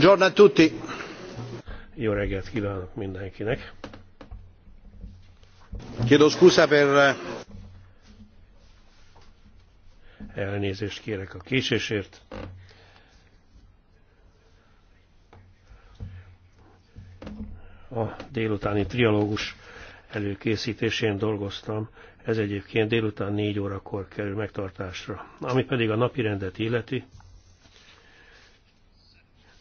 Buongiorno a tutti. Jó reggelt kívánok mindenkinek. Chiedo scusa per... Elnézést kérek a késésért. A délutáni trialógus előkészítésén dolgoztam, ez egyébként délután négy órakor kerül megtartásra. Ami pedig a napi rendet illeti,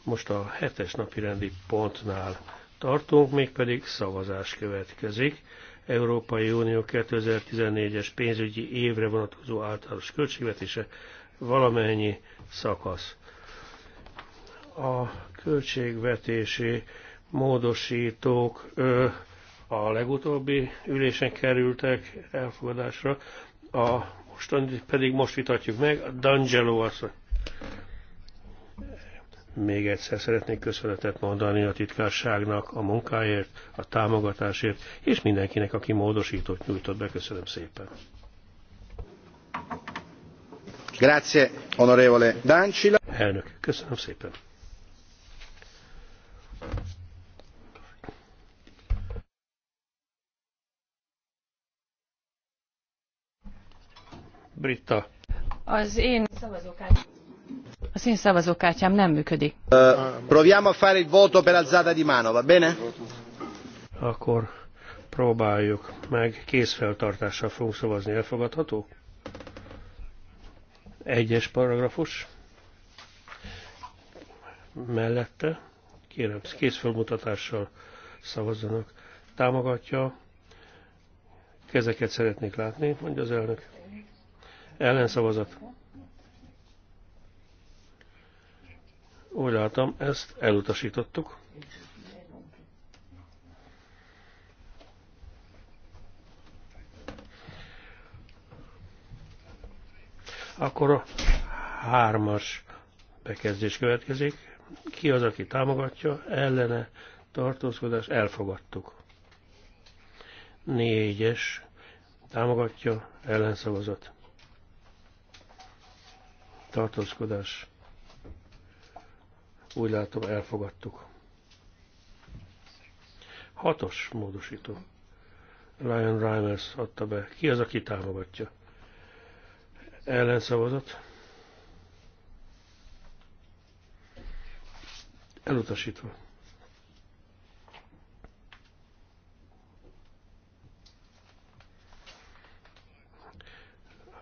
most a hetes napi rendi pontnál tartunk, mégpedig szavazás következik. Európai Unió 2014-es pénzügyi évre vonatkozó általános költségvetése valamennyi szakasz. A költségvetési módosítók ö, a legutóbbi ülésen kerültek elfogadásra, a mostani pedig most vitatjuk meg, a D'Angelo asszony. Még egyszer szeretnék köszönetet mondani a titkárságnak a munkáért, a támogatásért, és mindenkinek, aki módosított nyújtott be. Köszönöm szépen. Grazie, onorevole Dancila. Elnök, köszönöm szépen. Britta. Az én szavazókártyám. Az én szavazókártyám nem működik. Uh, proviamo a fare il voto per alzata di mano, va bene? Akkor próbáljuk meg. Kézfeltartással fogunk szavazni. Elfogadható? Egyes paragrafus. Mellette. Kérem, kézfelmutatással szavazzanak. Támogatja. Kezeket szeretnék látni, mondja az elnök. Ellenszavazat. Úgy látom, ezt elutasítottuk. Akkor a hármas bekezdés következik. Ki az, aki támogatja, ellene, tartózkodás, elfogadtuk. Négyes, támogatja, ellenszavazat, tartózkodás, úgy látom, elfogadtuk. Hatos módosító. Ryan Reimers adta be. Ki az, aki támogatja? Ellenszavazat. Elutasítva.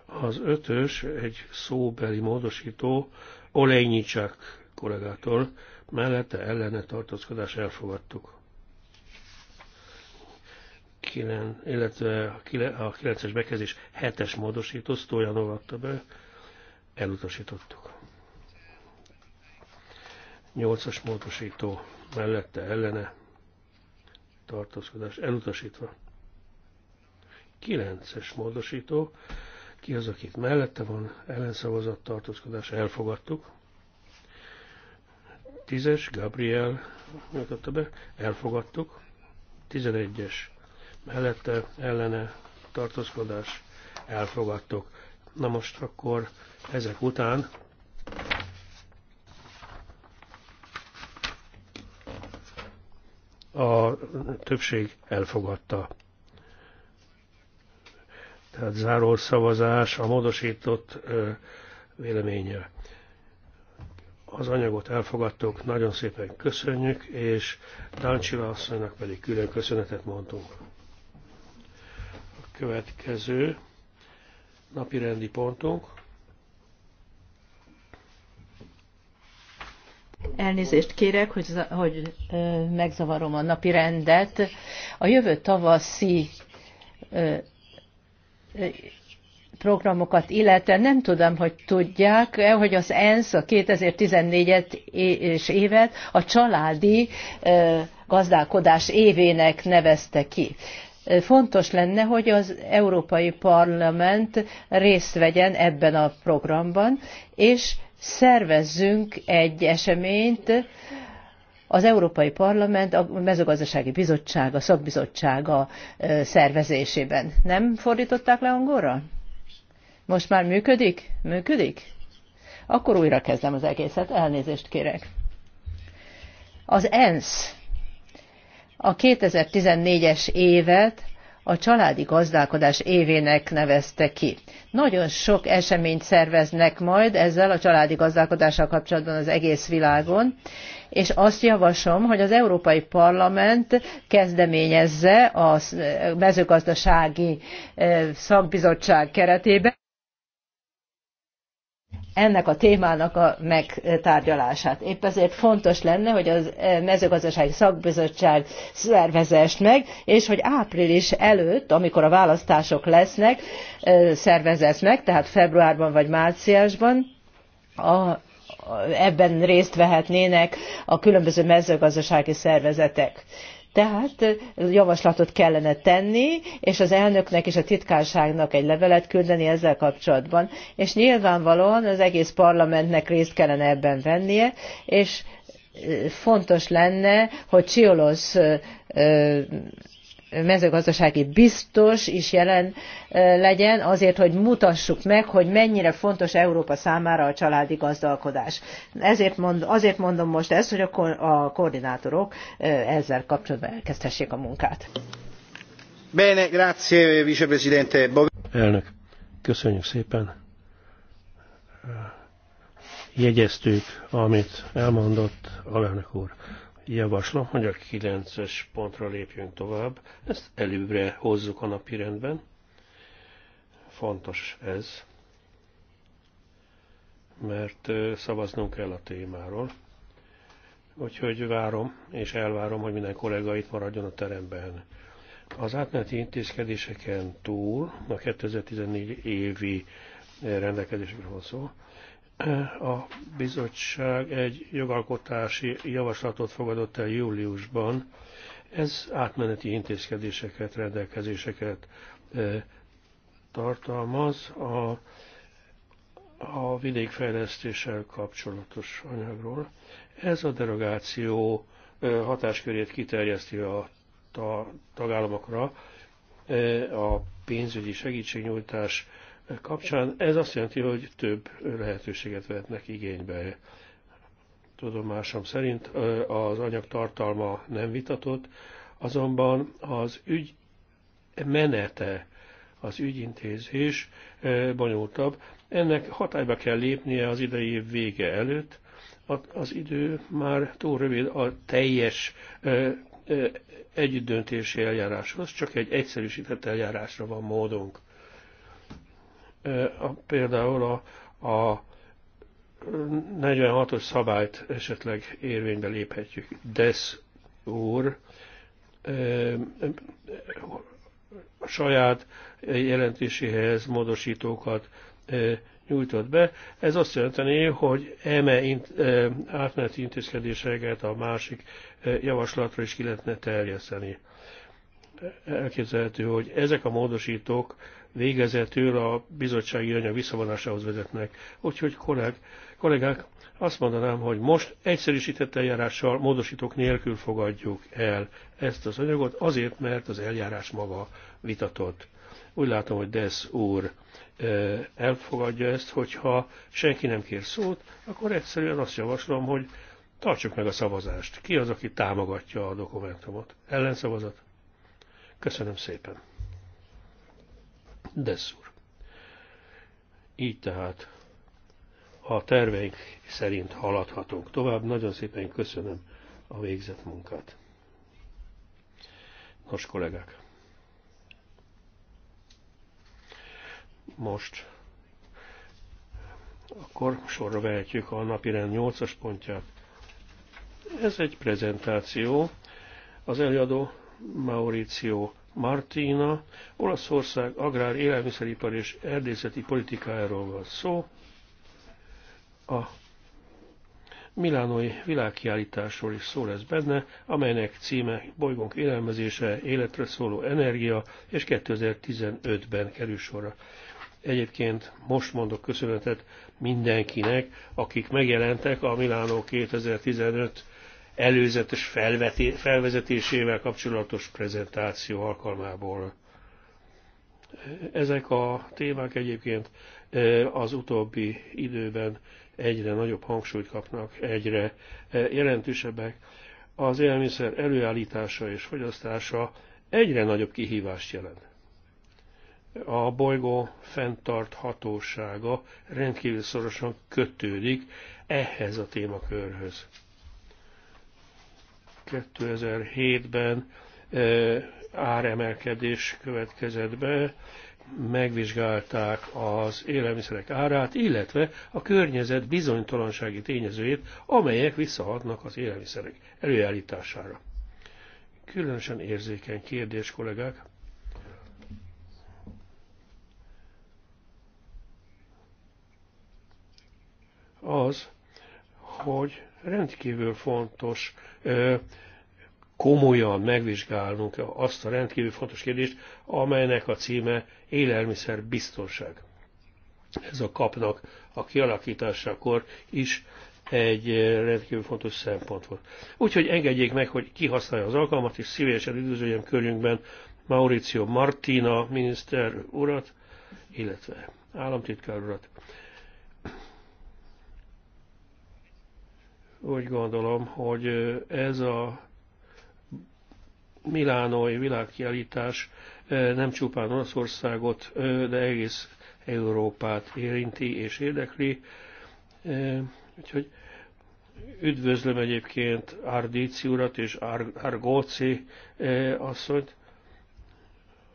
Az ötös egy szóbeli módosító, olejnyicsák kollégától, mellette ellene tartózkodás elfogadtuk. Kilen, illetve a 9-es bekezdés 7-es módosító, Sztója novatta be, elutasítottuk. 8-as módosító mellette ellene tartózkodás elutasítva. 9-es módosító, ki az, akit mellette van, ellenszavazat tartózkodás elfogadtuk. 10-es, Gabriel megkapta be, elfogadtuk. 11-es mellette ellene tartózkodás, elfogadtuk. Na most akkor ezek után a többség elfogadta. Tehát záró szavazás a módosított véleménye az anyagot elfogadtuk, nagyon szépen köszönjük, és Dáncsila asszonynak pedig külön köszönetet mondtunk. A következő napi rendi pontunk. Elnézést kérek, hogy, hogy megzavarom a napi rendet. A jövő tavaszi programokat illetve nem tudom, hogy tudják, eh, hogy az ENSZ a 2014-es évet a családi eh, gazdálkodás évének nevezte ki. Eh, fontos lenne, hogy az Európai Parlament részt vegyen ebben a programban, és szervezzünk egy eseményt, az Európai Parlament, a mezőgazdasági bizottság, a szakbizottsága szervezésében. Nem fordították le angolra? Most már működik? Működik? Akkor újra kezdem az egészet, elnézést kérek. Az ENSZ a 2014-es évet a családi gazdálkodás évének nevezte ki. Nagyon sok eseményt szerveznek majd ezzel a családi gazdálkodással kapcsolatban az egész világon, és azt javaslom, hogy az Európai Parlament kezdeményezze a mezőgazdasági eh, szakbizottság keretében, ennek a témának a megtárgyalását. Épp ezért fontos lenne, hogy a eh, mezőgazdasági szakbizottság szervezest meg, és hogy április előtt, amikor a választások lesznek, eh, szervezett meg, tehát februárban vagy márciusban, a, ebben részt vehetnének a különböző mezőgazdasági szervezetek. Tehát javaslatot kellene tenni, és az elnöknek és a titkárságnak egy levelet küldeni ezzel kapcsolatban. És nyilvánvalóan az egész parlamentnek részt kellene ebben vennie, és fontos lenne, hogy Csiolosz mezőgazdasági biztos is jelen legyen, azért, hogy mutassuk meg, hogy mennyire fontos Európa számára a családi gazdálkodás. Ezért mond, azért mondom most ezt, hogy a, ko a koordinátorok ezzel kapcsolatban elkezdhessék a munkát. Bene, grazie, vicepresidente. Elnök, köszönjük szépen. Jegyeztük, amit elmondott alelnök úr javaslom, hogy a 9-es pontra lépjünk tovább. Ezt előbbre hozzuk a napi rendben. Fontos ez, mert szavaznunk kell a témáról. Úgyhogy várom, és elvárom, hogy minden kollega itt maradjon a teremben. Az átmeneti intézkedéseken túl a 2014 évi rendelkezésről van szó, a bizottság egy jogalkotási javaslatot fogadott el júliusban. Ez átmeneti intézkedéseket, rendelkezéseket tartalmaz a, a vidékfejlesztéssel kapcsolatos anyagról. Ez a derogáció hatáskörét kiterjeszti a tagállamokra a pénzügyi segítségnyújtás kapcsán. Ez azt jelenti, hogy több lehetőséget vetnek igénybe. Tudomásom szerint az anyag tartalma nem vitatott, azonban az ügy menete, az ügyintézés bonyolultabb. Ennek hatályba kell lépnie az idei év vége előtt, az idő már túl rövid a teljes együttdöntési eljáráshoz, csak egy egyszerűsített eljárásra van módunk a, például a, a 46-os szabályt esetleg érvénybe léphetjük. Desz úr a saját jelentéséhez módosítókat nyújtott be. Ez azt jelenteni, hogy eme átmeneti intézkedéseket a másik javaslatra is ki lehetne terjeszteni. Elképzelhető, hogy ezek a módosítók végezetül a bizottsági anyag visszavonásához vezetnek. Úgyhogy kollég, kollégák, azt mondanám, hogy most egyszerűsített eljárással, módosítók nélkül fogadjuk el ezt az anyagot, azért, mert az eljárás maga vitatott. Úgy látom, hogy Desz úr elfogadja ezt, hogyha senki nem kér szót, akkor egyszerűen azt javaslom, hogy tartsuk meg a szavazást. Ki az, aki támogatja a dokumentumot? Ellenszavazat? Köszönöm szépen de szúr. Így tehát a terveink szerint haladhatunk tovább. Nagyon szépen köszönöm a végzett munkát. Nos, kollégák! Most akkor sorra vehetjük a napirend 8-as pontját. Ez egy prezentáció. Az előadó Mauricio Martina, Olaszország agrár, élelmiszeripar és erdészeti politikájáról van szó. A Milánói világkiállításról is szó lesz benne, amelynek címe Bolygónk élelmezése, életre szóló energia, és 2015-ben kerül sorra. Egyébként most mondok köszönetet mindenkinek, akik megjelentek a Milánó 2015 előzetes felveti, felvezetésével kapcsolatos prezentáció alkalmából. Ezek a témák egyébként e, az utóbbi időben egyre nagyobb hangsúlyt kapnak, egyre e, jelentősebbek. Az élelmiszer előállítása és fogyasztása egyre nagyobb kihívást jelent. A bolygó fenntarthatósága rendkívül szorosan kötődik ehhez a témakörhöz. 2007-ben áremelkedés következett be, megvizsgálták az élelmiszerek árát, illetve a környezet bizonytalansági tényezőjét, amelyek visszahatnak az élelmiszerek előállítására. Különösen érzékeny kérdés, kollégák. Az, hogy rendkívül fontos komolyan megvizsgálnunk azt a rendkívül fontos kérdést, amelynek a címe élelmiszer biztonság. Ez a kapnak a kialakításakor is egy rendkívül fontos szempont volt. Úgyhogy engedjék meg, hogy kihasználja az alkalmat, és szívesen üdvözöljem körünkben Mauricio Martina miniszter urat, illetve államtitkár urat. Úgy gondolom, hogy ez a milánói világkiállítás nem csupán Olaszországot, de egész Európát érinti és érdekli. Úgyhogy üdvözlöm egyébként Ardíci urat és Ar- Argóci asszonyt,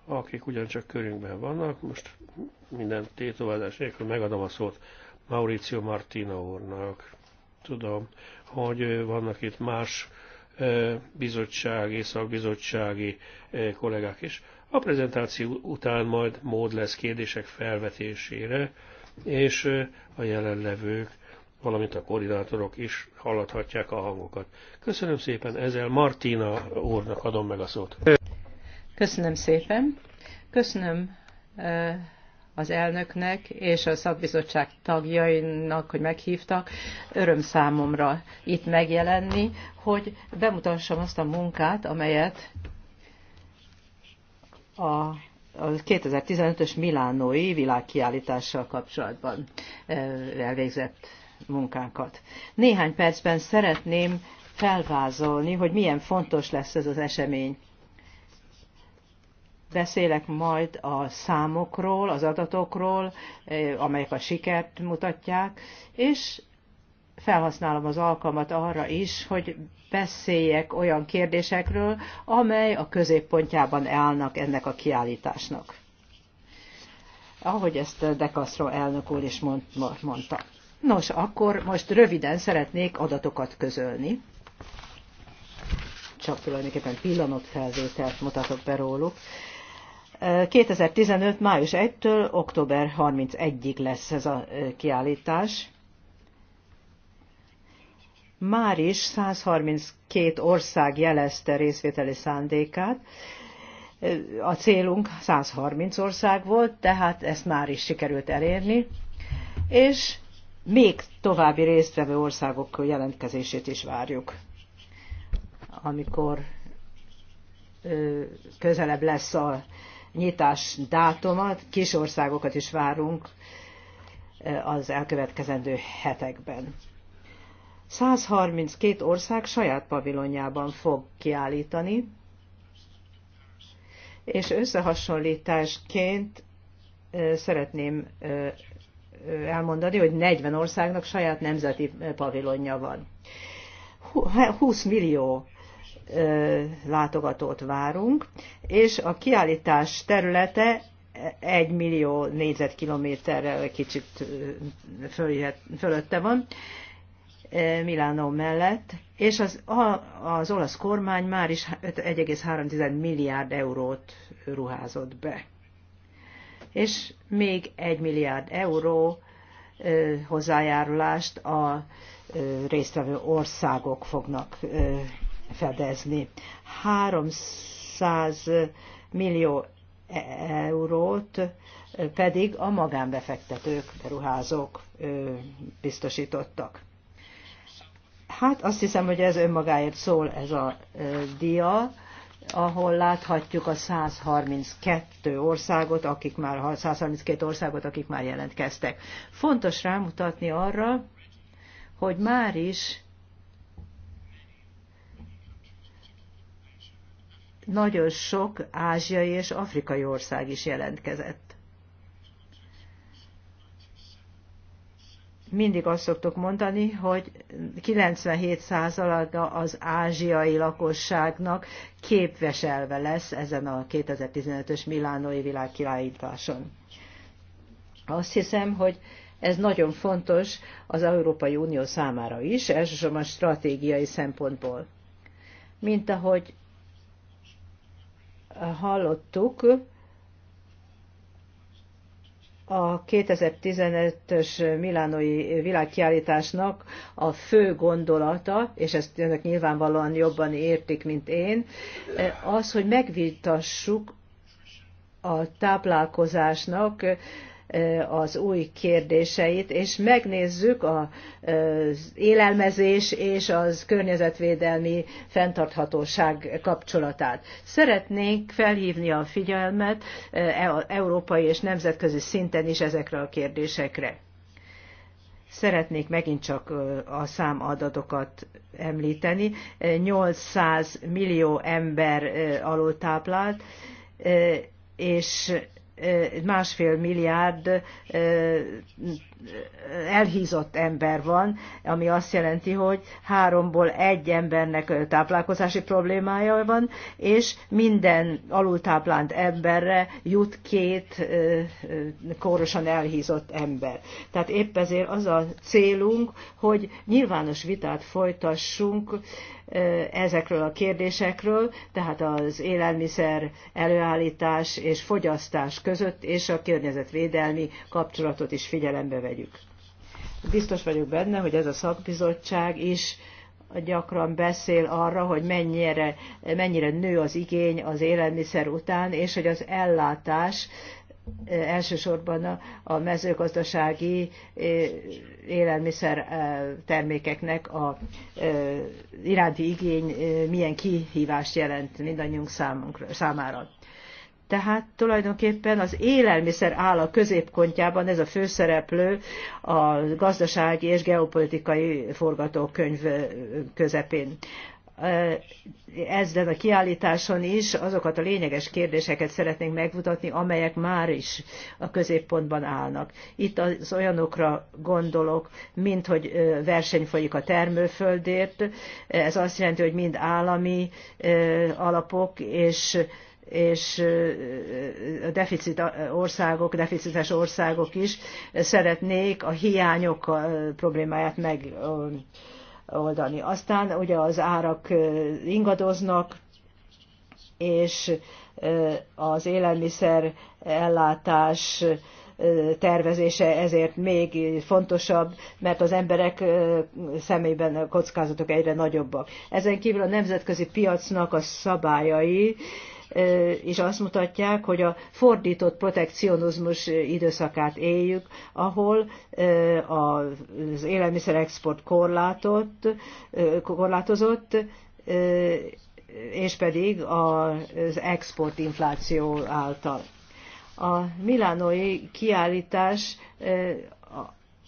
akik ugyancsak körünkben vannak. Most minden tétovázás nélkül megadom a szót Mauricio Martino úrnak. Tudom, hogy vannak itt más bizottsági, szakbizottsági kollégák is. A prezentáció után majd mód lesz kérdések felvetésére, és a jelenlevők, valamint a koordinátorok is hallathatják a hangokat. Köszönöm szépen, ezzel Martina úrnak adom meg a szót. Köszönöm szépen. Köszönöm az elnöknek és a szakbizottság tagjainak, hogy meghívtak. Öröm számomra itt megjelenni, hogy bemutassam azt a munkát, amelyet a 2015-ös Milánói világkiállítással kapcsolatban elvégzett munkánkat. Néhány percben szeretném felvázolni, hogy milyen fontos lesz ez az esemény. Beszélek majd a számokról, az adatokról, eh, amelyek a sikert mutatják, és felhasználom az alkalmat arra is, hogy beszéljek olyan kérdésekről, amely a középpontjában állnak ennek a kiállításnak. Ahogy ezt De elnök úr is mondta. Nos, akkor most röviden szeretnék adatokat közölni. Csak tulajdonképpen pillanatfelvételt mutatok be róluk. 2015. május 1-től október 31-ig lesz ez a kiállítás. Már is 132 ország jelezte részvételi szándékát. A célunk 130 ország volt, tehát ezt már is sikerült elérni, és még további résztvevő országok jelentkezését is várjuk, amikor közelebb lesz a nyitás dátumat, kis országokat is várunk az elkövetkezendő hetekben. 132 ország saját pavilonjában fog kiállítani, és összehasonlításként szeretném elmondani, hogy 40 országnak saját nemzeti pavilonja van. 20 millió látogatót várunk, és a kiállítás területe 1 millió négyzetkilométerrel kicsit följöhet, fölötte van, Milánó mellett, és az, az olasz kormány már is 1,3 milliárd eurót ruházott be. És még 1 milliárd euró hozzájárulást a résztvevő országok fognak fedezni. 300 millió e- eurót pedig a magánbefektetők, beruházók biztosítottak. Hát azt hiszem, hogy ez önmagáért szól ez a dia, ahol láthatjuk a 132 országot, akik már, 132 országot, akik már jelentkeztek. Fontos rámutatni arra, hogy már is nagyon sok ázsiai és afrikai ország is jelentkezett. Mindig azt szoktuk mondani, hogy 97%-a az ázsiai lakosságnak képveselve lesz ezen a 2015-ös Milánói világkirályításon. Azt hiszem, hogy ez nagyon fontos az Európai Unió számára is, elsősorban stratégiai szempontból. Mint ahogy hallottuk, a 2015-ös Milánói világkiállításnak a fő gondolata, és ezt önök nyilvánvalóan jobban értik, mint én, az, hogy megvitassuk a táplálkozásnak az új kérdéseit, és megnézzük az élelmezés és az környezetvédelmi fenntarthatóság kapcsolatát. Szeretnénk felhívni a figyelmet e, európai és nemzetközi szinten is ezekre a kérdésekre. Szeretnék megint csak a számadatokat említeni. 800 millió ember alultáplált, és másfél milliárd elhízott ember van, ami azt jelenti, hogy háromból egy embernek táplálkozási problémája van, és minden alultáplált emberre jut két kórosan elhízott ember. Tehát épp ezért az a célunk, hogy nyilvános vitát folytassunk ezekről a kérdésekről, tehát az élelmiszer előállítás és fogyasztás között, és a környezetvédelmi kapcsolatot is figyelembe vegyük tegyük. Biztos vagyok benne, hogy ez a szakbizottság is gyakran beszél arra, hogy mennyire, mennyire nő az igény az élelmiszer után, és hogy az ellátás eh, elsősorban a mezőgazdasági eh, élelmiszer eh, termékeknek a iránti igény milyen kihívást jelent mindannyiunk számunkra, számára. Tehát tulajdonképpen az élelmiszer áll a középpontjában ez a főszereplő a gazdasági és geopolitikai forgatókönyv közepén. Ezzel a kiállításon is azokat a lényeges kérdéseket szeretnénk megmutatni, amelyek már is a középpontban állnak. Itt az olyanokra gondolok, mint hogy verseny folyik a termőföldért, ez azt jelenti, hogy mind állami alapok és és a deficit országok, deficites országok is szeretnék a hiányok problémáját megoldani. Aztán ugye az árak ingadoznak, és az élelmiszer ellátás tervezése ezért még fontosabb, mert az emberek szemében a kockázatok egyre nagyobbak. Ezen kívül a nemzetközi piacnak a szabályai és azt mutatják, hogy a fordított protekcionizmus időszakát éljük, ahol az élelmiszerexport korlátott, korlátozott, és pedig az exportinfláció által. A milánói kiállítás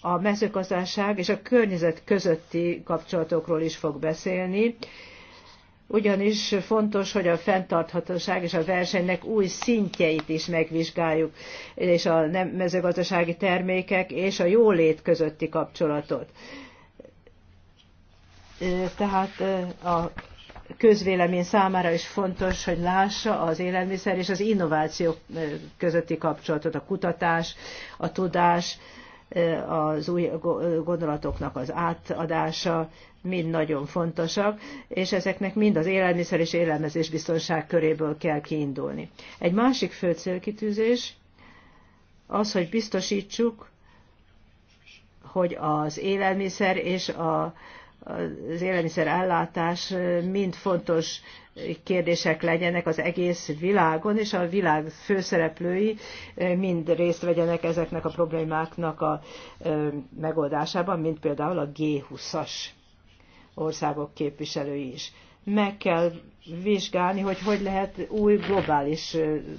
a mezőgazdaság és a környezet közötti kapcsolatokról is fog beszélni, ugyanis fontos, hogy a fenntarthatóság és a versenynek új szintjeit is megvizsgáljuk, és a mezőgazdasági termékek és a jólét közötti kapcsolatot. Tehát a közvélemény számára is fontos, hogy lássa az élelmiszer és az innováció közötti kapcsolatot, a kutatás, a tudás, az új gondolatoknak az átadása, mind nagyon fontosak, és ezeknek mind az élelmiszer és élelmezés biztonság köréből kell kiindulni. Egy másik fő célkitűzés az, hogy biztosítsuk, hogy az élelmiszer és a, az élelmiszer ellátás mind fontos kérdések legyenek az egész világon, és a világ főszereplői mind részt vegyenek ezeknek a problémáknak a megoldásában, mint például a G20-as országok képviselői is. Meg kell vizsgálni, hogy hogy lehet új globális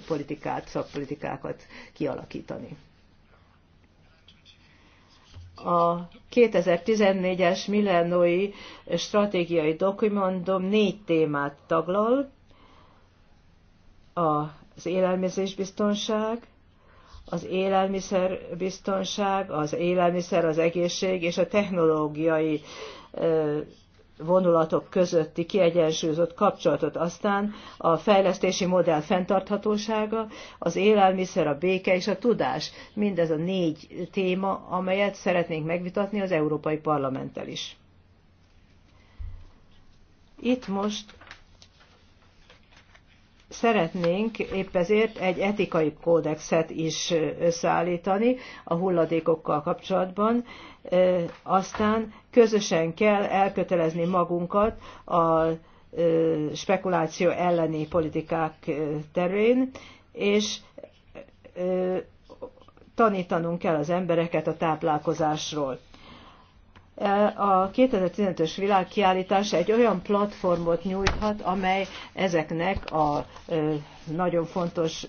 politikát, szakpolitikákat kialakítani. A 2014-es millenói stratégiai dokumentum négy témát taglal, az élelmezésbiztonság, az élelmiszerbiztonság, az élelmiszer, az egészség és a technológiai vonulatok közötti kiegyensúlyozott kapcsolatot, aztán a fejlesztési modell fenntarthatósága, az élelmiszer, a béke és a tudás. Mindez a négy téma, amelyet szeretnénk megvitatni az Európai Parlamenttel is. Itt most Szeretnénk épp ezért egy etikai kódexet is összeállítani a hulladékokkal kapcsolatban, aztán közösen kell elkötelezni magunkat a spekuláció elleni politikák terén, és tanítanunk kell az embereket a táplálkozásról. E, a 2015-ös világkiállítás egy olyan platformot nyújthat, amely ezeknek a e, nagyon fontos e,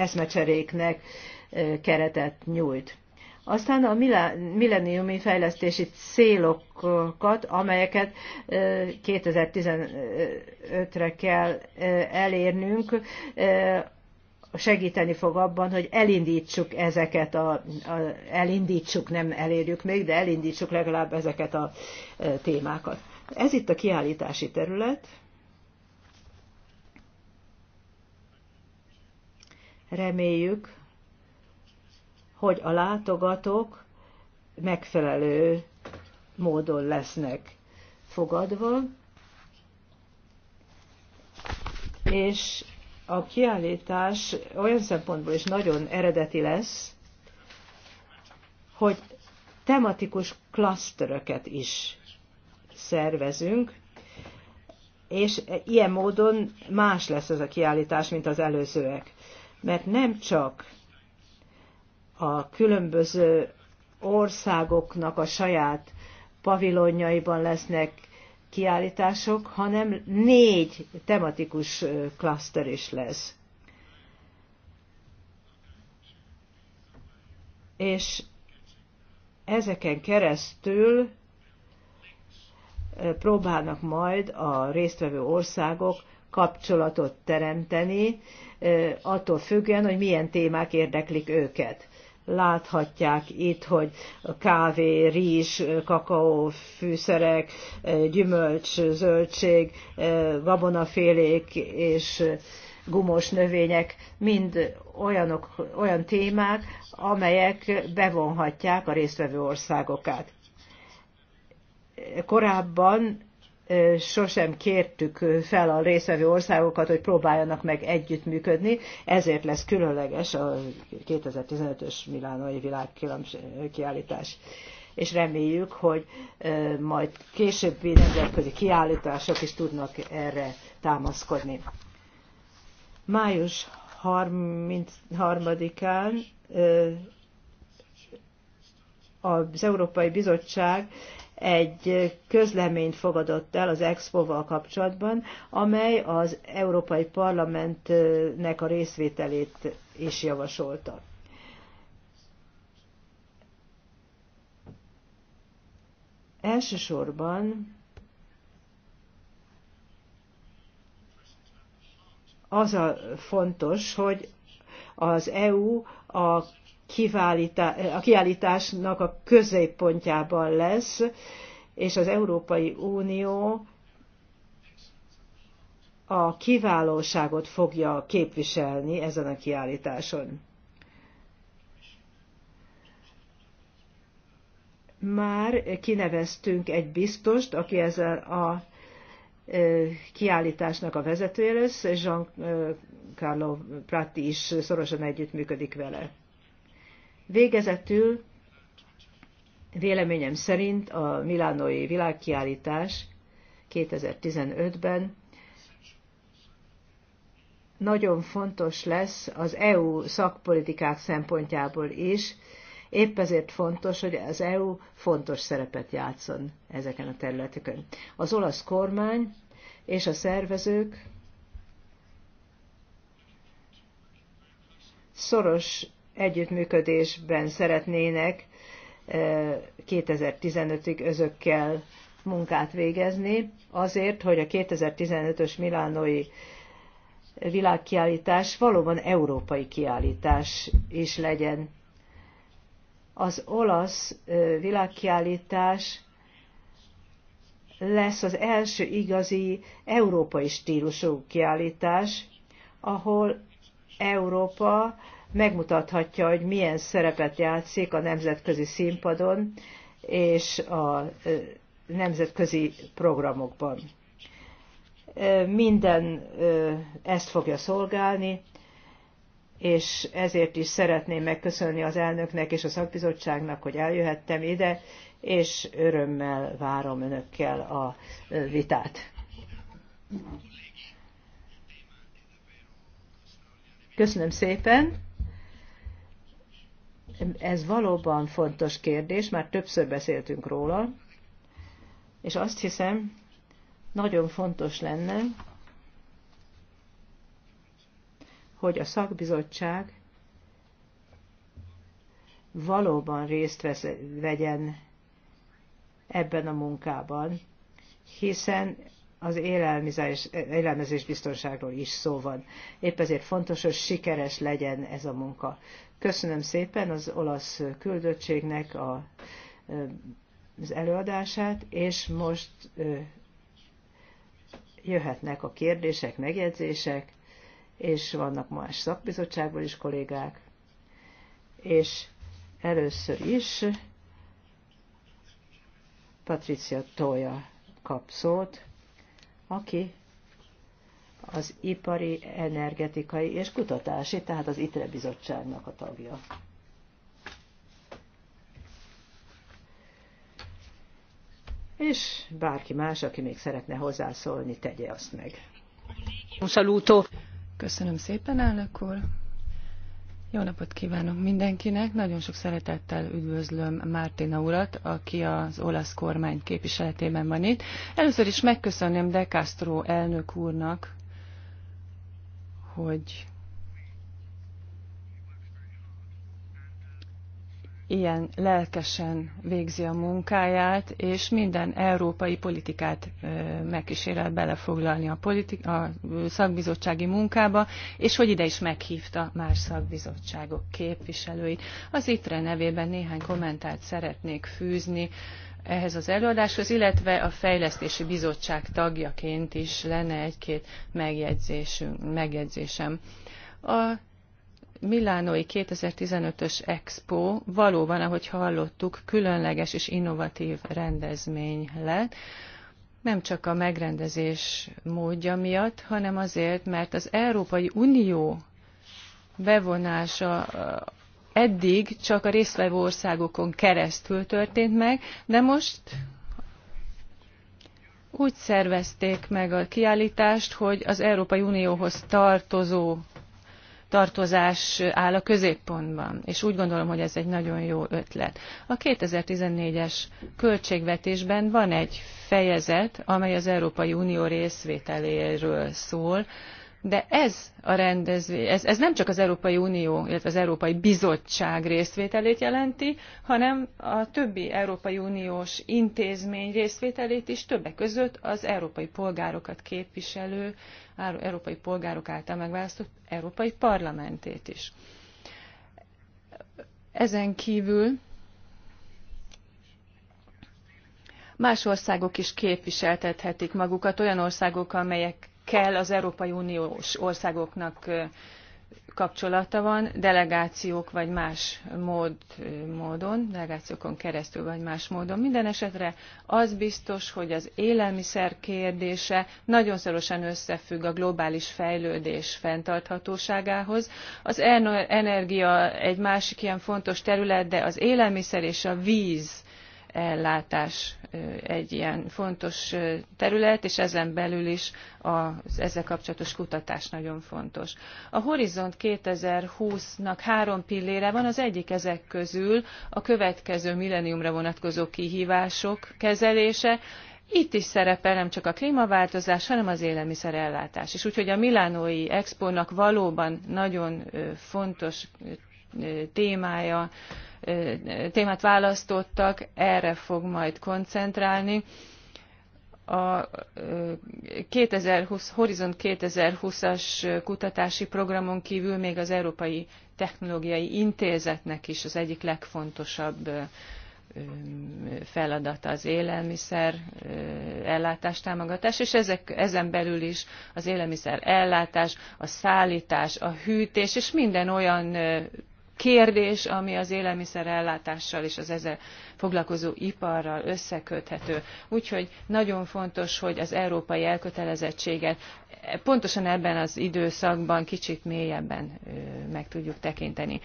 eszmecseréknek keretet nyújt. Aztán a milleniumi fejlesztési célokat, amelyeket 2015-re kell elérnünk, segíteni fog abban, hogy elindítsuk ezeket a, a elindítsuk, nem elérjük még, de elindítsuk legalább ezeket a e, témákat. Ez itt a kiállítási terület. Reméljük, hogy a látogatók megfelelő módon lesznek fogadva, és a kiállítás olyan szempontból is nagyon eredeti lesz, hogy tematikus klasztöröket is szervezünk, és ilyen módon más lesz ez a kiállítás, mint az előzőek. Mert nem csak a különböző országoknak a saját pavilonjaiban lesznek kiállítások, hanem négy tematikus klaszter is lesz. És ezeken keresztül próbálnak majd a résztvevő országok kapcsolatot teremteni, attól függően, hogy milyen témák érdeklik őket láthatják itt, hogy kávé, rizs, kakaó, fűszerek, gyümölcs, zöldség, gabonafélék és gumos növények mind olyanok, olyan témák, amelyek bevonhatják a résztvevő országokat. Korábban sosem kértük fel a részvevő országokat, hogy próbáljanak meg együttműködni, ezért lesz különleges a 2015-ös Milánói világkiállítás és reméljük, hogy majd későbbi nemzetközi kiállítások is tudnak erre támaszkodni. Május 33-án az Európai Bizottság egy közleményt fogadott el az Expo-val kapcsolatban, amely az Európai Parlamentnek a részvételét is javasolta. Elsősorban az a fontos, hogy az EU a a kiállításnak a középpontjában lesz, és az Európai Unió a kiválóságot fogja képviselni ezen a kiállításon. Már kineveztünk egy biztost, aki ezzel a e, kiállításnak a vezetője lesz, Jean-Carlo Prati is szorosan együttműködik vele. Végezetül véleményem szerint a Milánói világkiállítás 2015-ben nagyon fontos lesz az EU szakpolitikák szempontjából is. Épp ezért fontos, hogy az EU fontos szerepet játszon ezeken a területeken. Az olasz kormány és a szervezők szoros együttműködésben szeretnének 2015-ig eh, özökkel munkát végezni, azért, hogy a 2015-ös Milánói világkiállítás valóban európai kiállítás is legyen. Az olasz eh, világkiállítás lesz az első igazi európai stílusú kiállítás, ahol Európa megmutathatja, hogy milyen szerepet játszik a nemzetközi színpadon és a nemzetközi programokban. Minden ezt fogja szolgálni, és ezért is szeretném megköszönni az elnöknek és a szakbizottságnak, hogy eljöhettem ide, és örömmel várom önökkel a vitát. Köszönöm szépen! Ez valóban fontos kérdés, már többször beszéltünk róla, és azt hiszem, nagyon fontos lenne, hogy a szakbizottság valóban részt vesz, vegyen ebben a munkában, hiszen az élelmezés, biztonságról is szó van. Épp ezért fontos, hogy sikeres legyen ez a munka. Köszönöm szépen az olasz küldöttségnek a, az előadását, és most jöhetnek a kérdések, megjegyzések, és vannak más szakbizottságból is kollégák. És először is Patricia Tója kap szót, aki az Ipari, Energetikai és Kutatási, tehát az ITRE bizottságnak a tagja. És bárki más, aki még szeretne hozzászólni, tegye azt meg. Salútó. Köszönöm szépen, elnök úr. Jó napot kívánok mindenkinek! Nagyon sok szeretettel üdvözlöm Mártina urat, aki az olasz kormány képviseletében van itt. Először is megköszönöm De Castro elnök úrnak hogy ilyen lelkesen végzi a munkáját, és minden európai politikát megkísérel belefoglalni a, politi- a szakbizottsági munkába, és hogy ide is meghívta más szakbizottságok képviselőit. Az ITRE nevében néhány kommentát szeretnék fűzni ehhez az előadáshoz, illetve a Fejlesztési Bizottság tagjaként is lenne egy-két megjegyzésem. A Milánói 2015-ös Expo valóban, ahogy hallottuk, különleges és innovatív rendezmény lett, nem csak a megrendezés módja miatt, hanem azért, mert az Európai Unió bevonása eddig csak a résztvevő országokon keresztül történt meg, de most úgy szervezték meg a kiállítást, hogy az Európai Unióhoz tartozó tartozás áll a középpontban, és úgy gondolom, hogy ez egy nagyon jó ötlet. A 2014-es költségvetésben van egy fejezet, amely az Európai Unió részvételéről szól, de ez a rendezvény, ez, ez nem csak az Európai Unió, illetve az Európai Bizottság részvételét jelenti, hanem a többi Európai Uniós intézmény részvételét is többek között az európai polgárokat képviselő, európai polgárok által megválasztott Európai Parlamentét is. Ezen kívül más országok is képviseltethetik magukat, olyan országok, amelyek kell az Európai Uniós országoknak kapcsolata van, delegációk vagy más mód, módon, delegációkon keresztül vagy más módon. Minden esetre az biztos, hogy az élelmiszer kérdése nagyon szorosan összefügg a globális fejlődés fenntarthatóságához. Az energia egy másik ilyen fontos terület, de az élelmiszer és a víz ellátás egy ilyen fontos terület, és ezen belül is az ezzel kapcsolatos kutatás nagyon fontos. A Horizont 2020-nak három pillére van, az egyik ezek közül a következő milleniumra vonatkozó kihívások kezelése, itt is szerepel nem csak a klímaváltozás, hanem az élelmiszerellátás is. Úgyhogy a Milánói Expónak valóban nagyon fontos témája témát választottak, erre fog majd koncentrálni. A 2020, Horizont 2020-as kutatási programon kívül még az Európai Technológiai Intézetnek is az egyik legfontosabb feladata az élelmiszer ellátás támogatás, és ezek, ezen belül is az élelmiszer ellátás, a szállítás, a hűtés, és minden olyan kérdés, ami az élelmiszerellátással és az ezzel foglalkozó iparral összeköthető. Úgyhogy nagyon fontos, hogy az európai elkötelezettséget pontosan ebben az időszakban kicsit mélyebben meg tudjuk tekinteni.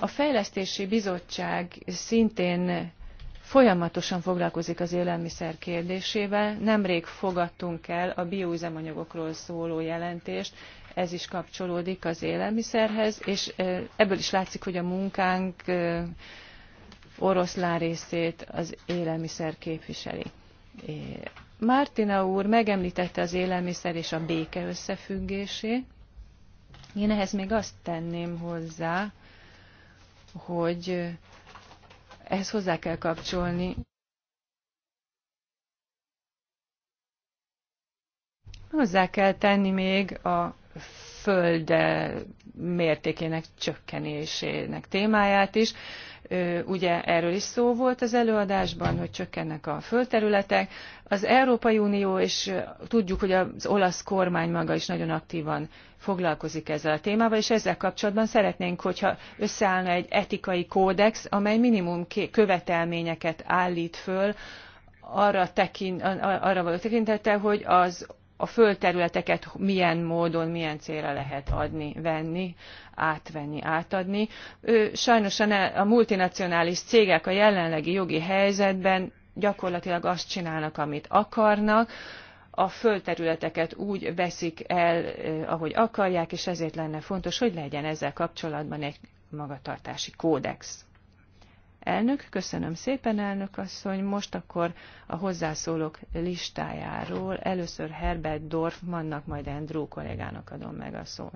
A Fejlesztési Bizottság szintén folyamatosan foglalkozik az élelmiszer kérdésével. Nemrég fogadtunk el a bioüzemanyagokról szóló jelentést, ez is kapcsolódik az élelmiszerhez, és ebből is látszik, hogy a munkánk oroszlán részét az élelmiszer képviseli. Mártina úr megemlítette az élelmiszer és a béke összefüggését. Én ehhez még azt tenném hozzá, hogy ehhez hozzá kell kapcsolni hozzá kell tenni még a föld mértékének csökkenésének témáját is. Ugye erről is szó volt az előadásban, hogy csökkennek a földterületek. Az Európai Unió, és tudjuk, hogy az olasz kormány maga is nagyon aktívan foglalkozik ezzel a témával, és ezzel kapcsolatban szeretnénk, hogyha összeállna egy etikai kódex, amely minimum követelményeket állít föl arra, tekint, arra való tekintettel, hogy az a földterületeket milyen módon, milyen célra lehet adni, venni, átvenni, átadni. Sajnos a multinacionális cégek a jelenlegi jogi helyzetben gyakorlatilag azt csinálnak, amit akarnak, a földterületeket úgy veszik el, ahogy akarják, és ezért lenne fontos, hogy legyen ezzel kapcsolatban egy magatartási kódex. Elnök, köszönöm szépen, elnök asszony. Most akkor a hozzászólók listájáról először Herbert Dorfmannak, majd Andrew kollégának adom meg a szót.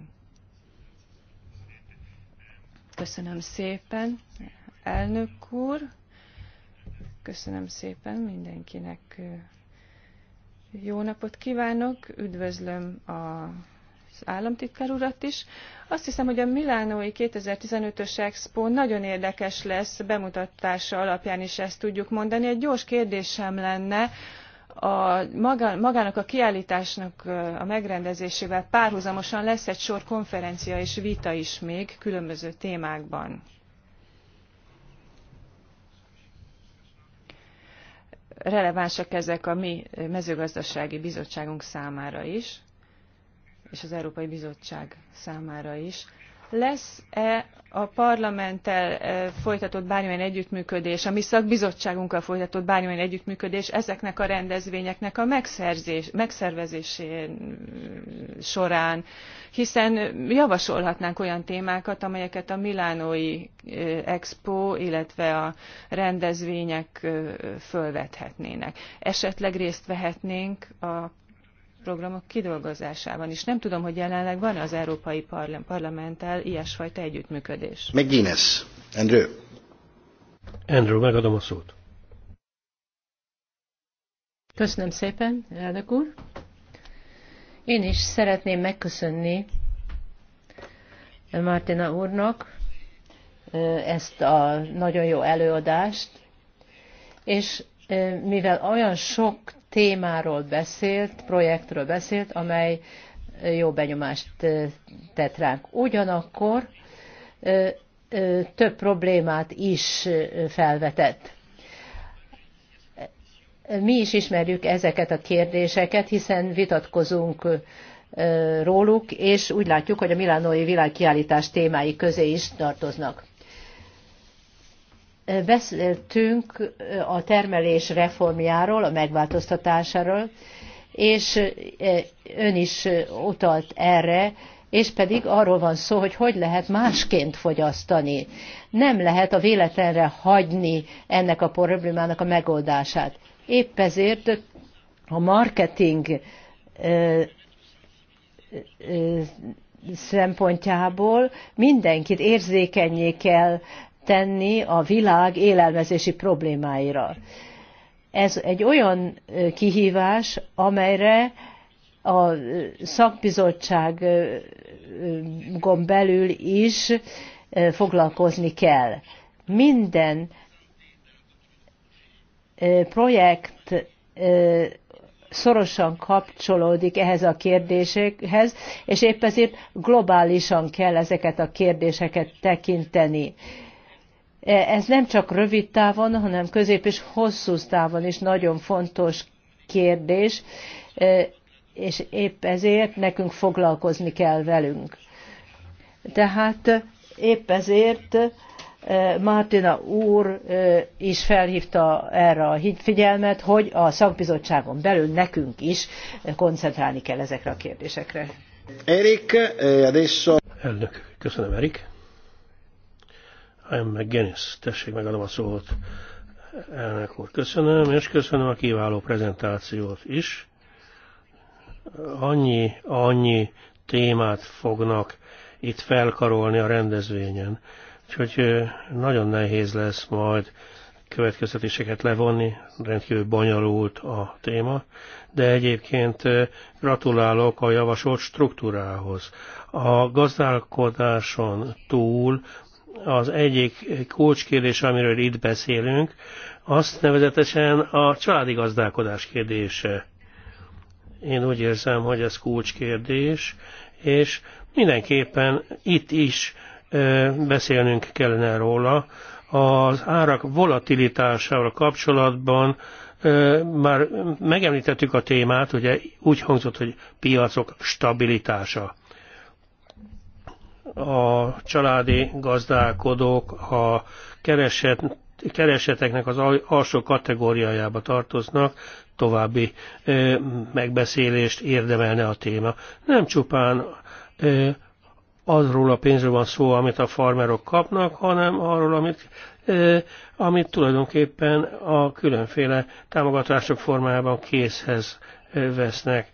Köszönöm szépen, elnök úr. Köszönöm szépen mindenkinek. Jó napot kívánok, üdvözlöm a államtitkár urat is. Azt hiszem, hogy a Milánói 2015-ös Expo nagyon érdekes lesz, bemutatása alapján is ezt tudjuk mondani. Egy gyors kérdésem lenne, a maga, magának a kiállításnak a megrendezésével párhuzamosan lesz egy sor konferencia és vita is még különböző témákban. Relevánsak ezek a mi mezőgazdasági bizottságunk számára is és az Európai Bizottság számára is. Lesz-e a parlamenttel e, folytatott bármilyen együttműködés, a mi szakbizottságunkkal folytatott bármilyen együttműködés ezeknek a rendezvényeknek a megszerzés, megszervezésén mm, során, hiszen javasolhatnánk olyan témákat, amelyeket a Milánói e, Expo, illetve a rendezvények e, fölvethetnének. Esetleg részt vehetnénk a programok kidolgozásában is. Nem tudom, hogy jelenleg van az Európai Parlamenttel ilyesfajta együttműködés. McGuinness. Andrew. Andrew, megadom a szót. Köszönöm szépen, elnök úr. Én is szeretném megköszönni Martina úrnak ezt a nagyon jó előadást, és mivel olyan sok témáról beszélt, projektről beszélt, amely jó benyomást tett ránk. Ugyanakkor több problémát is felvetett. Mi is ismerjük ezeket a kérdéseket, hiszen vitatkozunk róluk, és úgy látjuk, hogy a Milánói világkiállítás témái közé is tartoznak. Beszéltünk a termelés reformjáról, a megváltoztatásáról, és ön is utalt erre, és pedig arról van szó, hogy hogy lehet másként fogyasztani. Nem lehet a véletlenre hagyni ennek a problémának a megoldását. Épp ezért a marketing szempontjából mindenkit érzékenyé kell tenni a világ élelmezési problémáira. Ez egy olyan kihívás, amelyre a szakbizottságon belül is foglalkozni kell. Minden projekt szorosan kapcsolódik ehhez a kérdésekhez, és épp ezért globálisan kell ezeket a kérdéseket tekinteni. E, ez nem csak rövid távon, hanem közép és hosszú távon is nagyon fontos kérdés, e, és épp ezért nekünk foglalkozni kell velünk. Tehát épp ezért e, Martina úr is felhívta erre a figyelmet, hogy a szakbizottságon belül nekünk is koncentrálni kell ezekre a kérdésekre. Erik, adesso... Elnök, köszönöm Erik meg Genis, tessék megadom a szót. Elnök úr, köszönöm, és köszönöm a kiváló prezentációt is. Annyi, annyi témát fognak itt felkarolni a rendezvényen. Úgyhogy nagyon nehéz lesz majd következtetéseket levonni, rendkívül bonyolult a téma, de egyébként gratulálok a javasolt struktúrához. A gazdálkodáson túl az egyik kulcskérdés, amiről itt beszélünk, azt nevezetesen a családi gazdálkodás kérdése. Én úgy érzem, hogy ez kulcskérdés, és mindenképpen itt is beszélnünk kellene róla. Az árak volatilitásával kapcsolatban már megemlítettük a témát, ugye úgy hangzott, hogy piacok stabilitása a családi gazdálkodók a kereset, kereseteknek az alsó kategóriájába tartoznak, további ö, megbeszélést érdemelne a téma. Nem csupán ö, azról a pénzről van szó, amit a farmerok kapnak, hanem arról, amit, ö, amit tulajdonképpen a különféle támogatások formájában készhez vesznek.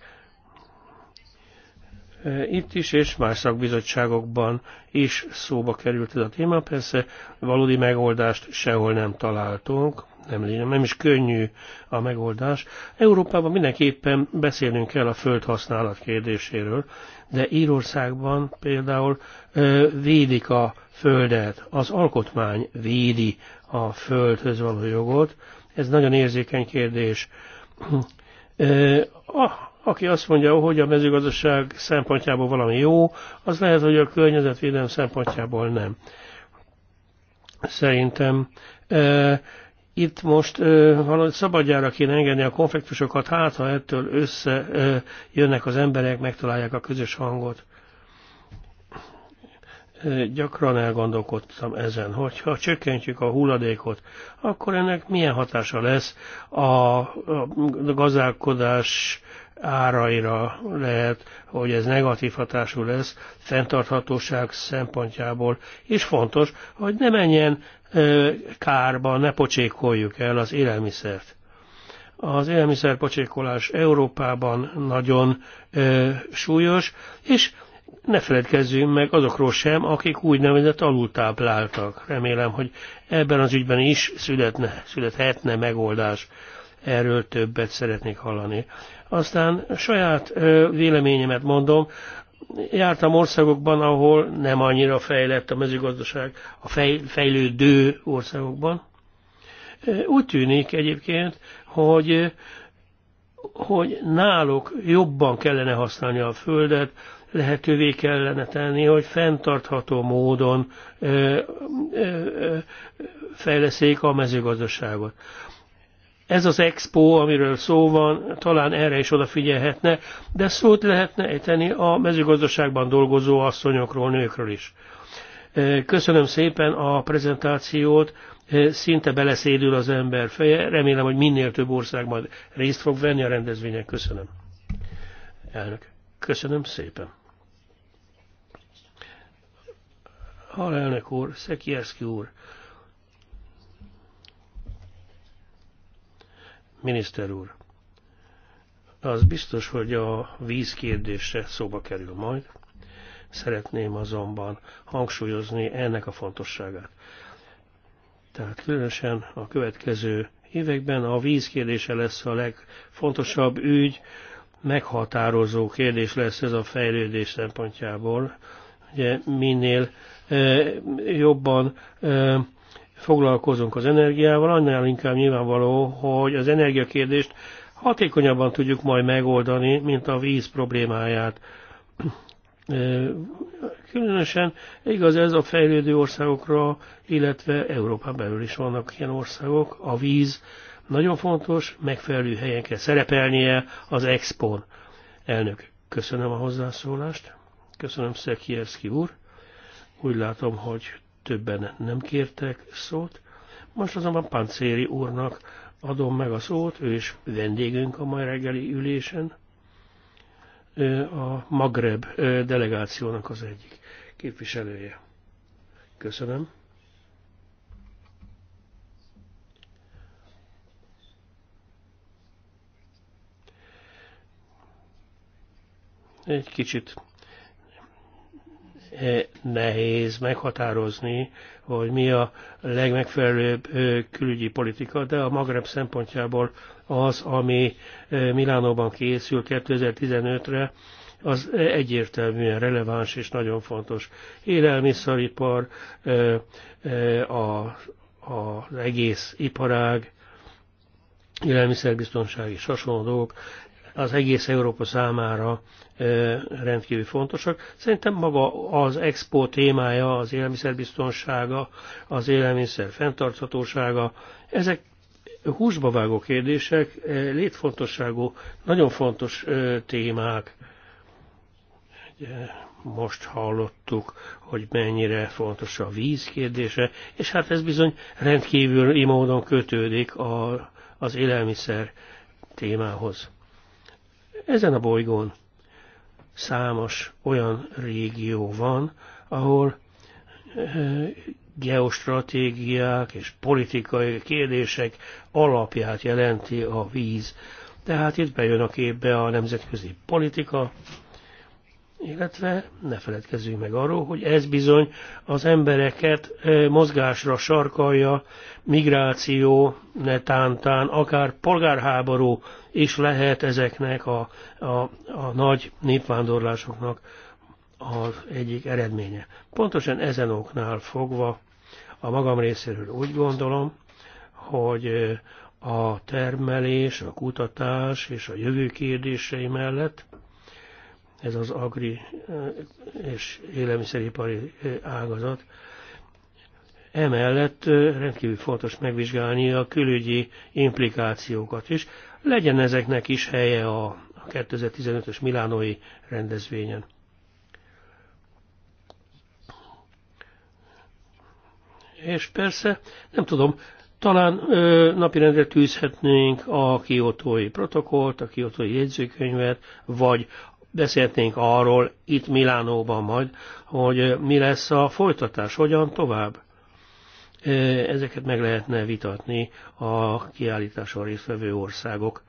Itt is és más szakbizottságokban is szóba került ez a téma, persze valódi megoldást sehol nem találtunk, nem, nem is könnyű a megoldás. Európában mindenképpen beszélnünk kell a földhasználat kérdéséről, de Írországban például ö, védik a földet, az alkotmány védi a földhöz való jogot, ez nagyon érzékeny kérdés. Ö, a, aki azt mondja, hogy a mezőgazdaság szempontjából valami jó, az lehet, hogy a környezetvédelem szempontjából nem. Szerintem e, itt most e, valahogy szabadjára kéne engedni a konfliktusokat, hát ha ettől összejönnek e, az emberek, megtalálják a közös hangot e, gyakran elgondolkodtam ezen, hogy ha csökkentjük a hulladékot, akkor ennek milyen hatása lesz a gazdálkodás áraira lehet, hogy ez negatív hatású lesz fenntarthatóság szempontjából, és fontos, hogy ne menjen kárba, ne pocsékoljuk el az élelmiszert. Az élelmiszerpocsékolás Európában nagyon ö, súlyos, és ne feledkezzünk meg azokról sem, akik úgynevezett alultápláltak. Remélem, hogy ebben az ügyben is születne, születhetne megoldás. Erről többet szeretnék hallani. Aztán saját véleményemet mondom, jártam országokban, ahol nem annyira fejlett a mezőgazdaság, a fej, fejlődő országokban. Úgy tűnik egyébként, hogy, hogy náluk jobban kellene használni a földet, lehetővé kellene tenni, hogy fenntartható módon fejleszék a mezőgazdaságot. Ez az expo, amiről szó van, talán erre is odafigyelhetne, de szót lehetne ejteni a mezőgazdaságban dolgozó asszonyokról, nőkről is. E, köszönöm szépen a prezentációt, e, szinte beleszédül az ember feje, remélem, hogy minél több ország majd részt fog venni a rendezvények Köszönöm. Elnök, köszönöm szépen. Halelnök úr, Szekierszki úr, Miniszter úr, az biztos, hogy a víz kérdése szóba kerül majd. Szeretném azonban hangsúlyozni ennek a fontosságát. Tehát különösen a következő években a víz kérdése lesz a legfontosabb ügy, meghatározó kérdés lesz ez a fejlődés szempontjából. Ugye minél eh, jobban eh, foglalkozunk az energiával, annál inkább nyilvánvaló, hogy az energiakérdést hatékonyabban tudjuk majd megoldani, mint a víz problémáját. Különösen igaz ez a fejlődő országokra, illetve Európán belül is vannak ilyen országok. A víz nagyon fontos, megfelelő helyen kell szerepelnie az Expon. Elnök, köszönöm a hozzászólást. Köszönöm Szekierszki úr. Úgy látom, hogy többen nem kértek szót. Most azonban Pancéri úrnak adom meg a szót, ő is vendégünk a mai reggeli ülésen. A Magreb delegációnak az egyik képviselője. Köszönöm. Egy kicsit E, nehéz meghatározni, hogy mi a legmegfelelőbb e, külügyi politika, de a Magreb szempontjából az, ami e, Milánóban készül 2015-re, az egyértelműen releváns és nagyon fontos. Élelmiszeripar, az egész iparág, élelmiszerbiztonság és hasonló dolgok, az egész Európa számára rendkívül fontosak. Szerintem maga az expo témája, az élelmiszerbiztonsága, az élelmiszer fenntarthatósága, ezek húsba vágó kérdések, létfontosságú, nagyon fontos témák. Most hallottuk, hogy mennyire fontos a víz kérdése, és hát ez bizony rendkívül módon kötődik a, az élelmiszer témához. Ezen a bolygón számos olyan régió van, ahol eh, geostratégiák és politikai kérdések alapját jelenti a víz. Tehát itt bejön a képbe a nemzetközi politika, illetve ne feledkezzünk meg arról, hogy ez bizony az embereket mozgásra sarkalja, migráció, netántán, akár polgárháború is lehet ezeknek a, a, a nagy népvándorlásoknak az egyik eredménye. Pontosan ezen oknál fogva a magam részéről úgy gondolom, hogy a termelés, a kutatás és a jövő kérdései mellett ez az agri eh, és élelmiszeripari eh, ágazat. Emellett eh, rendkívül fontos megvizsgálni a külügyi implikációkat is. Legyen ezeknek is helye a 2015-ös Milánói rendezvényen. És persze, nem tudom, talán ö, napirendre tűzhetnénk a kiotói protokollt, a kiotói jegyzőkönyvet, vagy Beszélnénk arról itt Milánóban majd, hogy mi lesz a folytatás, hogyan tovább. Ezeket meg lehetne vitatni a kiállításon résztvevő országok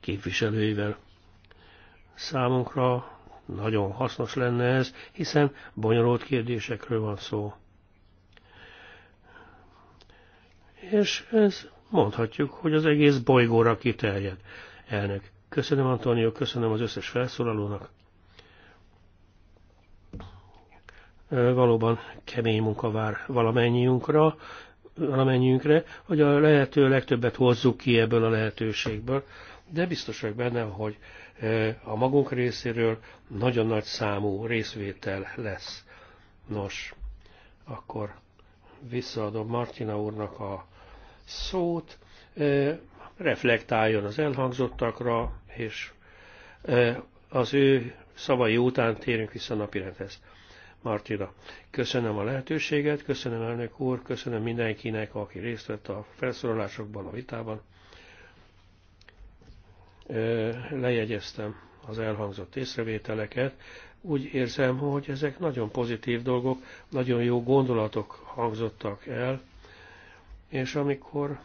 képviselőivel. Számunkra nagyon hasznos lenne ez, hiszen bonyolult kérdésekről van szó. És ez mondhatjuk, hogy az egész bolygóra kiterjed. Elnök, Köszönöm, Antonio, köszönöm az összes felszólalónak. Valóban kemény munka vár valamennyiunkra, valamennyiünkre, hogy a lehető legtöbbet hozzuk ki ebből a lehetőségből, de biztos vagyok benne, hogy a magunk részéről nagyon nagy számú részvétel lesz. Nos, akkor visszaadom Martina úrnak a szót, reflektáljon az elhangzottakra, és e, az ő szavai után térünk vissza napirendhez. Martina, köszönöm a lehetőséget, köszönöm elnök úr, köszönöm mindenkinek, aki részt vett a felszólalásokban, a vitában. E, lejegyeztem az elhangzott észrevételeket. Úgy érzem, hogy ezek nagyon pozitív dolgok, nagyon jó gondolatok hangzottak el, és amikor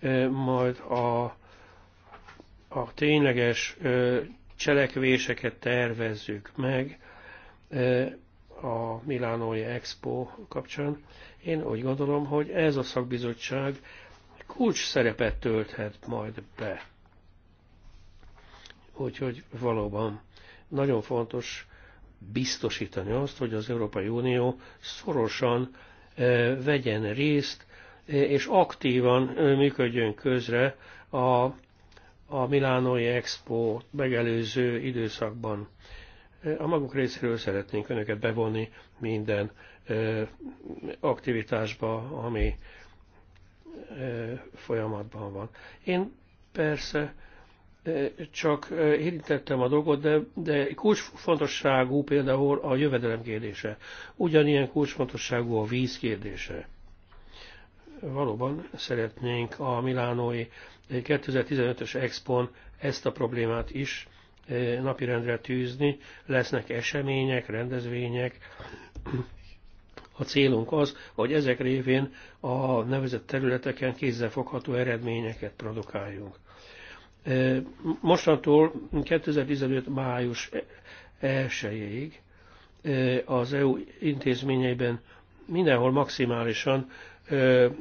e, majd a a tényleges cselekvéseket tervezzük meg a Milánói Expo kapcsán, én úgy gondolom, hogy ez a szakbizottság kulcs szerepet tölthet majd be. Úgyhogy valóban nagyon fontos biztosítani azt, hogy az Európai Unió szorosan vegyen részt, és aktívan működjön közre a a Milánói Expo megelőző időszakban. A maguk részéről szeretnénk önöket bevonni minden aktivitásba, ami folyamatban van. Én persze csak érintettem a dolgot, de, de kulcsfontosságú például a jövedelem kérdése. Ugyanilyen kulcsfontosságú a víz kérdése valóban szeretnénk a Milánói 2015-ös Expon ezt a problémát is eh, napirendre tűzni. Lesznek események, rendezvények. A célunk az, hogy ezek révén a nevezett területeken kézzelfogható eredményeket produkáljunk. Eh, mostantól 2015. május 1 eh, az EU intézményeiben mindenhol maximálisan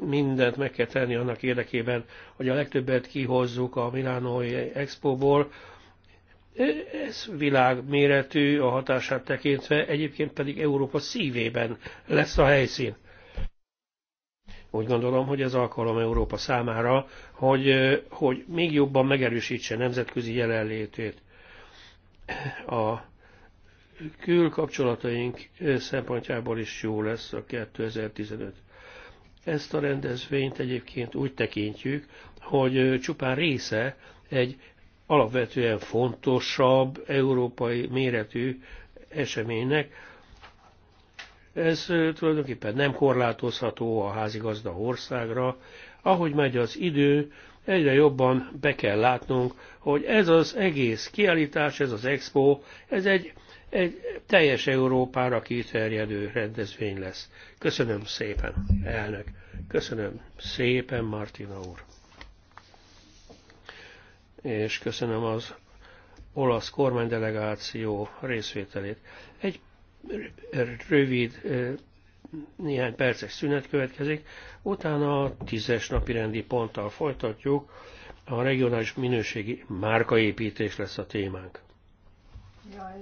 mindent meg kell tenni annak érdekében, hogy a legtöbbet kihozzuk a Milánói Expo-ból. Ez világméretű a hatását tekintve, egyébként pedig Európa szívében lesz a helyszín. Úgy gondolom, hogy ez alkalom Európa számára, hogy, hogy még jobban megerősítse nemzetközi jelenlétét. A külkapcsolataink szempontjából is jó lesz a 2015. Ezt a rendezvényt egyébként úgy tekintjük, hogy csupán része egy alapvetően fontosabb európai méretű eseménynek. Ez tulajdonképpen nem korlátozható a házigazda országra. Ahogy megy az idő, egyre jobban be kell látnunk, hogy ez az egész kiállítás, ez az expo, ez egy egy teljes Európára kiterjedő rendezvény lesz. Köszönöm szépen, elnök. Köszönöm szépen, Martina úr. És köszönöm az olasz kormánydelegáció részvételét. Egy rövid, néhány perces szünet következik, utána a tízes napi rendi ponttal folytatjuk, a regionális minőségi márkaépítés lesz a témánk. Jaj.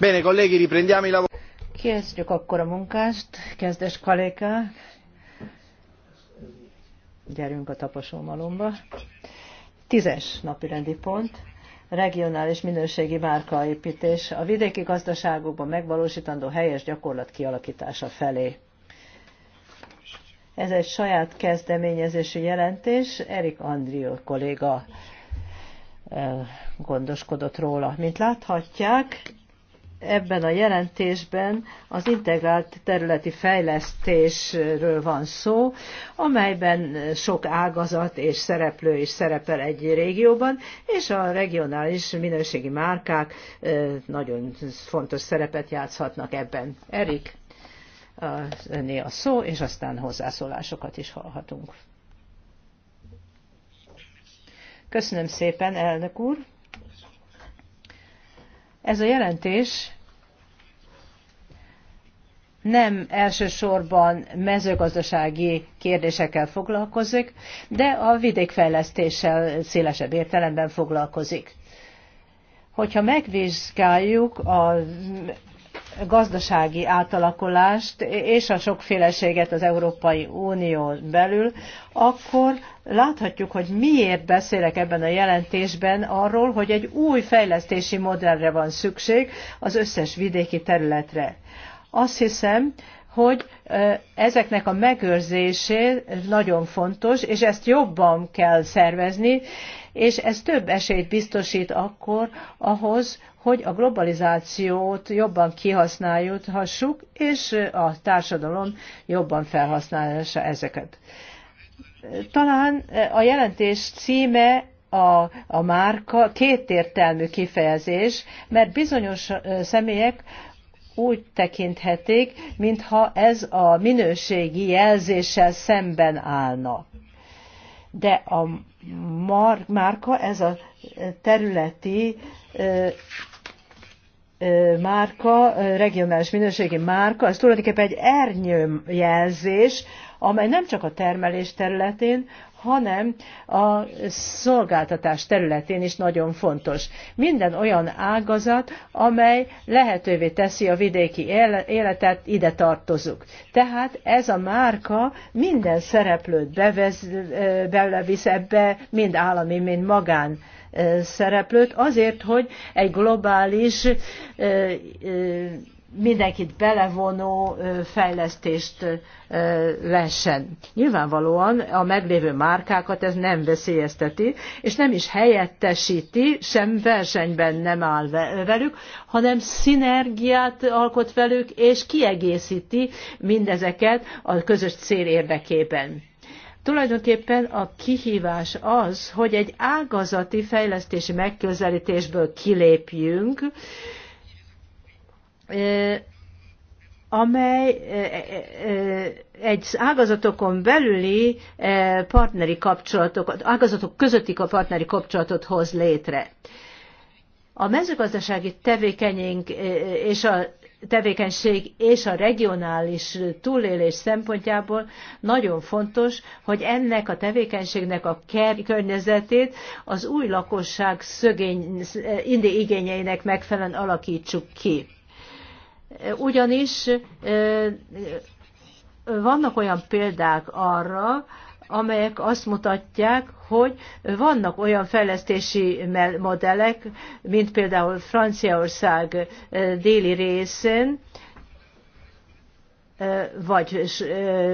Bene, colleghi, riprendiamo i lavori. Kezdjük akkor a munkást, kezdes kollégák. Gyerünk a taposómalomba. Tízes napi rendi pont. Regionális minőségi márkaépítés a vidéki gazdaságokban megvalósítandó helyes gyakorlat kialakítása felé. Ez egy saját kezdeményezésű jelentés, Erik Andrió kolléga eh, gondoskodott róla. Mint láthatják, ebben a jelentésben az integrált területi fejlesztésről van szó, amelyben sok ágazat és szereplő is szerepel egy régióban, és a regionális minőségi márkák nagyon fontos szerepet játszhatnak ebben. Erik, öné a szó, és aztán hozzászólásokat is hallhatunk. Köszönöm szépen, elnök úr! Ez a jelentés nem elsősorban mezőgazdasági kérdésekkel foglalkozik, de a vidékfejlesztéssel szélesebb értelemben foglalkozik. Hogyha megvizsgáljuk a gazdasági átalakulást és a sokféleséget az Európai Unión belül, akkor láthatjuk, hogy miért beszélek ebben a jelentésben arról, hogy egy új fejlesztési modellre van szükség az összes vidéki területre. Azt hiszem, hogy ezeknek a megőrzésé nagyon fontos, és ezt jobban kell szervezni, és ez több esélyt biztosít akkor ahhoz, hogy a globalizációt jobban kihasználjuk, és a társadalom jobban felhasználása ezeket. Talán eh, a jelentés címe a, a márka kétértelmű kifejezés, mert bizonyos eh, személyek úgy tekinthetik, mintha ez a minőségi jelzéssel szemben állna. De a mar, márka, ez a eh, területi ö, ö, márka, regionális minőségi márka, ez tulajdonképpen egy ernyőjelzés, amely nem csak a termelés területén, hanem a szolgáltatás területén is nagyon fontos. Minden olyan ágazat, amely lehetővé teszi a vidéki életet, ide tartozunk. Tehát ez a márka minden szereplőt bevez, belevisz ebbe, mind állami, mind magán szereplőt, azért, hogy egy globális mindenkit belevonó fejlesztést lehessen. Nyilvánvalóan a meglévő márkákat ez nem veszélyezteti, és nem is helyettesíti, sem versenyben nem áll velük, hanem szinergiát alkot velük, és kiegészíti mindezeket a közös cél érdekében. Tulajdonképpen a kihívás az, hogy egy ágazati fejlesztési megközelítésből kilépjünk, amely egy ágazatokon belüli partneri kapcsolatokat, ágazatok közötti partneri kapcsolatot hoz létre. A mezőgazdasági tevékenyünk és a tevékenység és a regionális túlélés szempontjából nagyon fontos, hogy ennek a tevékenységnek a környezetét az új lakosság szögény, indi igényeinek megfelelően alakítsuk ki. Ugyanis vannak olyan példák arra, amelyek azt mutatják, hogy vannak olyan fejlesztési modellek, mint például Franciaország déli részén, vagy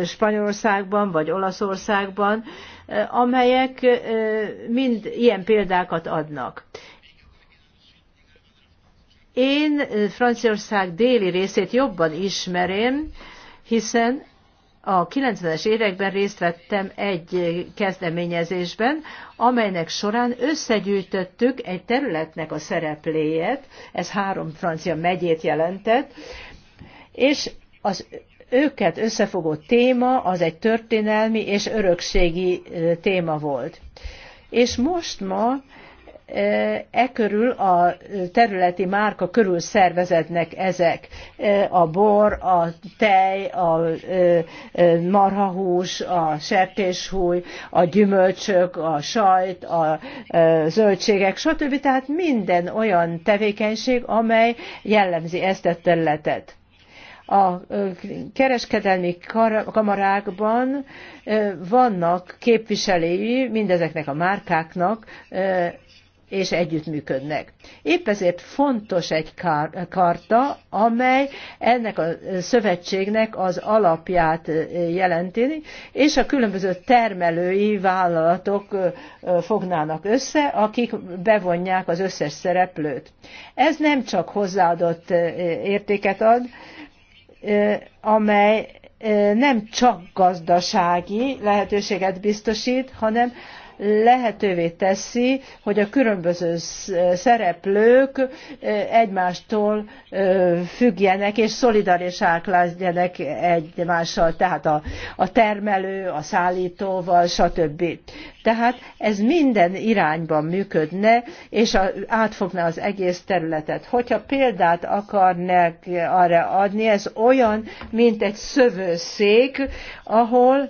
Spanyolországban, vagy Olaszországban, amelyek mind ilyen példákat adnak. Én Franciaország déli részét jobban ismerem, hiszen a 90-es években részt vettem egy kezdeményezésben, amelynek során összegyűjtöttük egy területnek a szerepléjét, ez három francia megyét jelentett, és az őket összefogó téma az egy történelmi és örökségi téma volt. És most ma e körül a területi márka körül szerveződnek ezek. A bor, a tej, a marhahús, a sertéshúj, a gyümölcsök, a sajt, a zöldségek, stb. Tehát minden olyan tevékenység, amely jellemzi ezt a területet a kereskedelmi kamarákban vannak képviselői mindezeknek a márkáknak, és együttműködnek. Épp ezért fontos egy karta, amely ennek a szövetségnek az alapját jelenti, és a különböző termelői vállalatok fognának össze, akik bevonják az összes szereplőt. Ez nem csak hozzáadott értéket ad, amely nem csak gazdasági lehetőséget biztosít, hanem lehetővé teszi, hogy a különböző szereplők egymástól függjenek és szolidarisák legyenek egymással, tehát a, a termelő, a szállítóval, stb. Tehát ez minden irányban működne, és a, átfogná az egész területet. Hogyha példát akarnak arra adni, ez olyan, mint egy szövőszék, ahol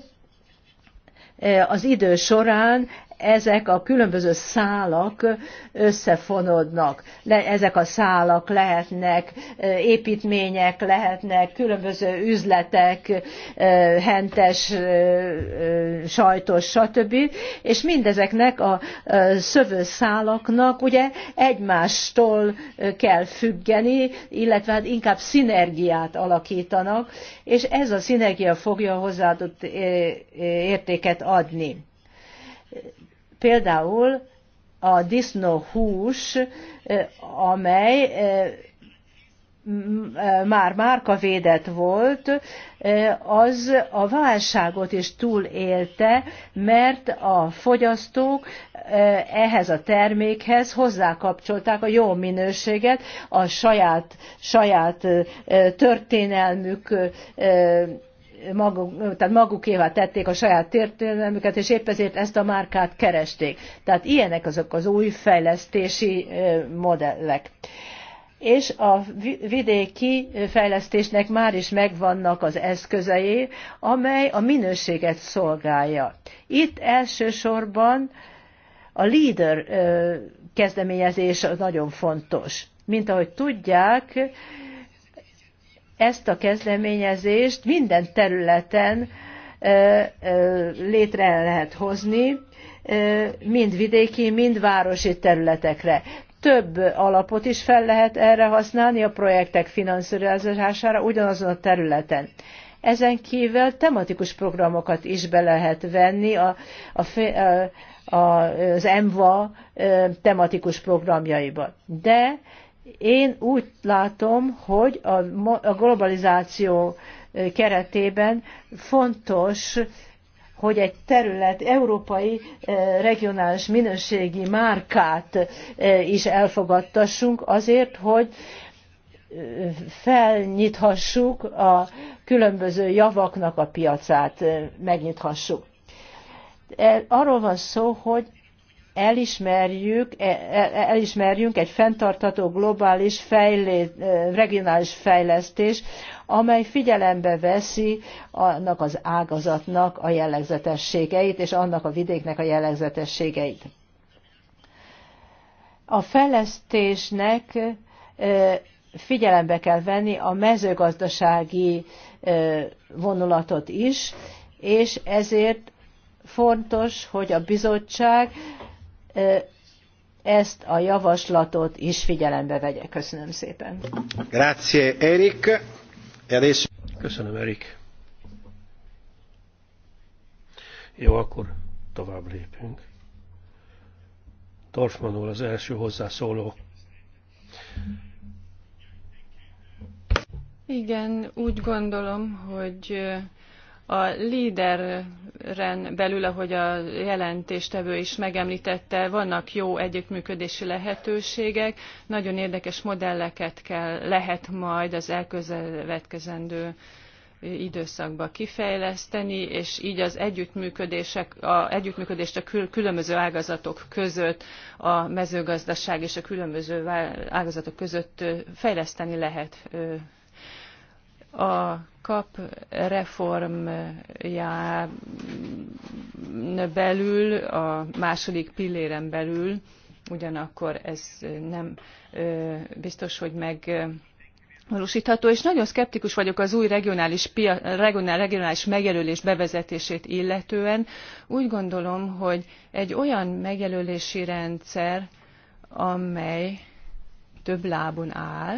az idő során ezek a különböző szálak összefonódnak. Le, ezek a szálak lehetnek építmények, lehetnek különböző üzletek, hentes, sajtos, stb. És mindezeknek a szövőszálaknak ugye egymástól kell függeni, illetve hát inkább szinergiát alakítanak, és ez a szinergia fogja hozzáadott értéket adni. Például a disznóhús, eh, amely eh, eh, már védett volt, az a válságot is túlélte, mert a fogyasztók ehhez a termékhez hozzákapcsolták a jó minőséget, a saját, saját történelmük maguk, tehát magukévá tették a saját történelmüket, és épp ezért ezt a márkát keresték. Tehát ilyenek azok az új fejlesztési modellek. És a vidéki fejlesztésnek már is megvannak az eszközei, amely a minőséget szolgálja. Itt elsősorban a leader kezdeményezés nagyon fontos. Mint ahogy tudják, ezt a kezdeményezést minden területen létre lehet hozni, mind vidéki, mind városi területekre. Több alapot is fel lehet erre használni a projektek finanszírozására ugyanazon a területen. Ezen kívül tematikus programokat is be lehet venni a, a, a, az EMVA tematikus programjaiba. De én úgy látom, hogy a globalizáció keretében fontos, hogy egy terület európai regionális minőségi márkát is elfogadtassunk azért, hogy felnyithassuk a különböző javaknak a piacát, megnyithassuk. E, arról van szó, hogy elismerjük, e, e, elismerjünk egy fenntartható globális fejlé, e, regionális fejlesztés, amely figyelembe veszi annak az ágazatnak a jellegzetességeit és annak a vidéknek a jellegzetességeit. A fejlesztésnek figyelembe kell venni a mezőgazdasági vonulatot is, és ezért fontos, hogy a bizottság ezt a javaslatot is figyelembe vegye. Köszönöm szépen. Grazie, Erik. E Köszönöm, Erik. Jó, akkor tovább lépünk. Torfman úr az első hozzászóló. Igen, úgy gondolom, hogy a líderen belül, ahogy a jelentéstevő is megemlítette, vannak jó együttműködési lehetőségek, nagyon érdekes modelleket kell, lehet majd az elközelvetkezendő időszakba kifejleszteni, és így az együttműködések, a, együttműködést a kül, különböző ágazatok között, a mezőgazdaság és a különböző ágazatok között fejleszteni lehet a kap reformján belül, a második pilléren belül, ugyanakkor ez nem biztos, hogy meg valósítható, és nagyon szkeptikus vagyok az új regionális, pia, regionál, regionális megjelölés bevezetését illetően. Úgy gondolom, hogy egy olyan megjelölési rendszer, amely több lábon áll,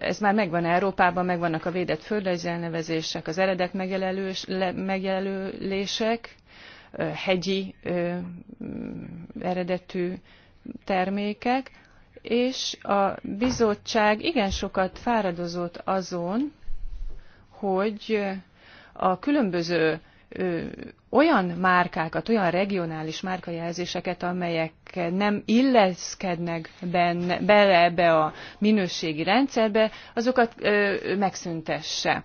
ez már megvan Európában, megvannak a védett földrajzi elnevezések, az eredet megjelölések, hegyi mm, eredetű termékek, és a bizottság igen sokat fáradozott azon, hogy a különböző olyan márkákat, olyan regionális márkajelzéseket, amelyek nem illeszkednek benne, bele ebbe a minőségi rendszerbe, azokat ö, megszüntesse.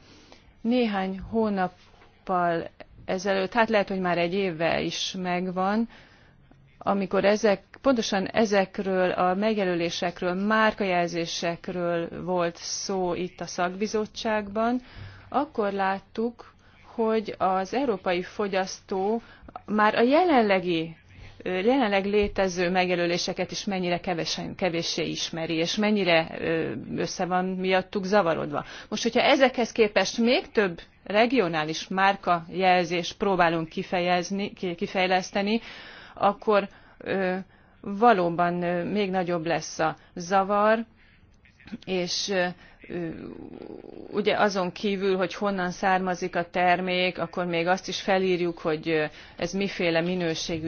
Néhány hónappal ezelőtt, hát lehet, hogy már egy éve is megvan, amikor ezek, pontosan ezekről a megjelölésekről, márkajelzésekről volt szó itt a szakbizottságban, akkor láttuk, hogy az európai fogyasztó már a jelenlegi jelenleg létező megjelöléseket is mennyire kevesen, kevéssé ismeri, és mennyire össze van miattuk zavarodva. Most, hogyha ezekhez képest még több regionális márka jelzést próbálunk kifejezni, kifejleszteni, akkor ö, valóban még nagyobb lesz a zavar, és ugye azon kívül, hogy honnan származik a termék, akkor még azt is felírjuk, hogy ez miféle minőségű,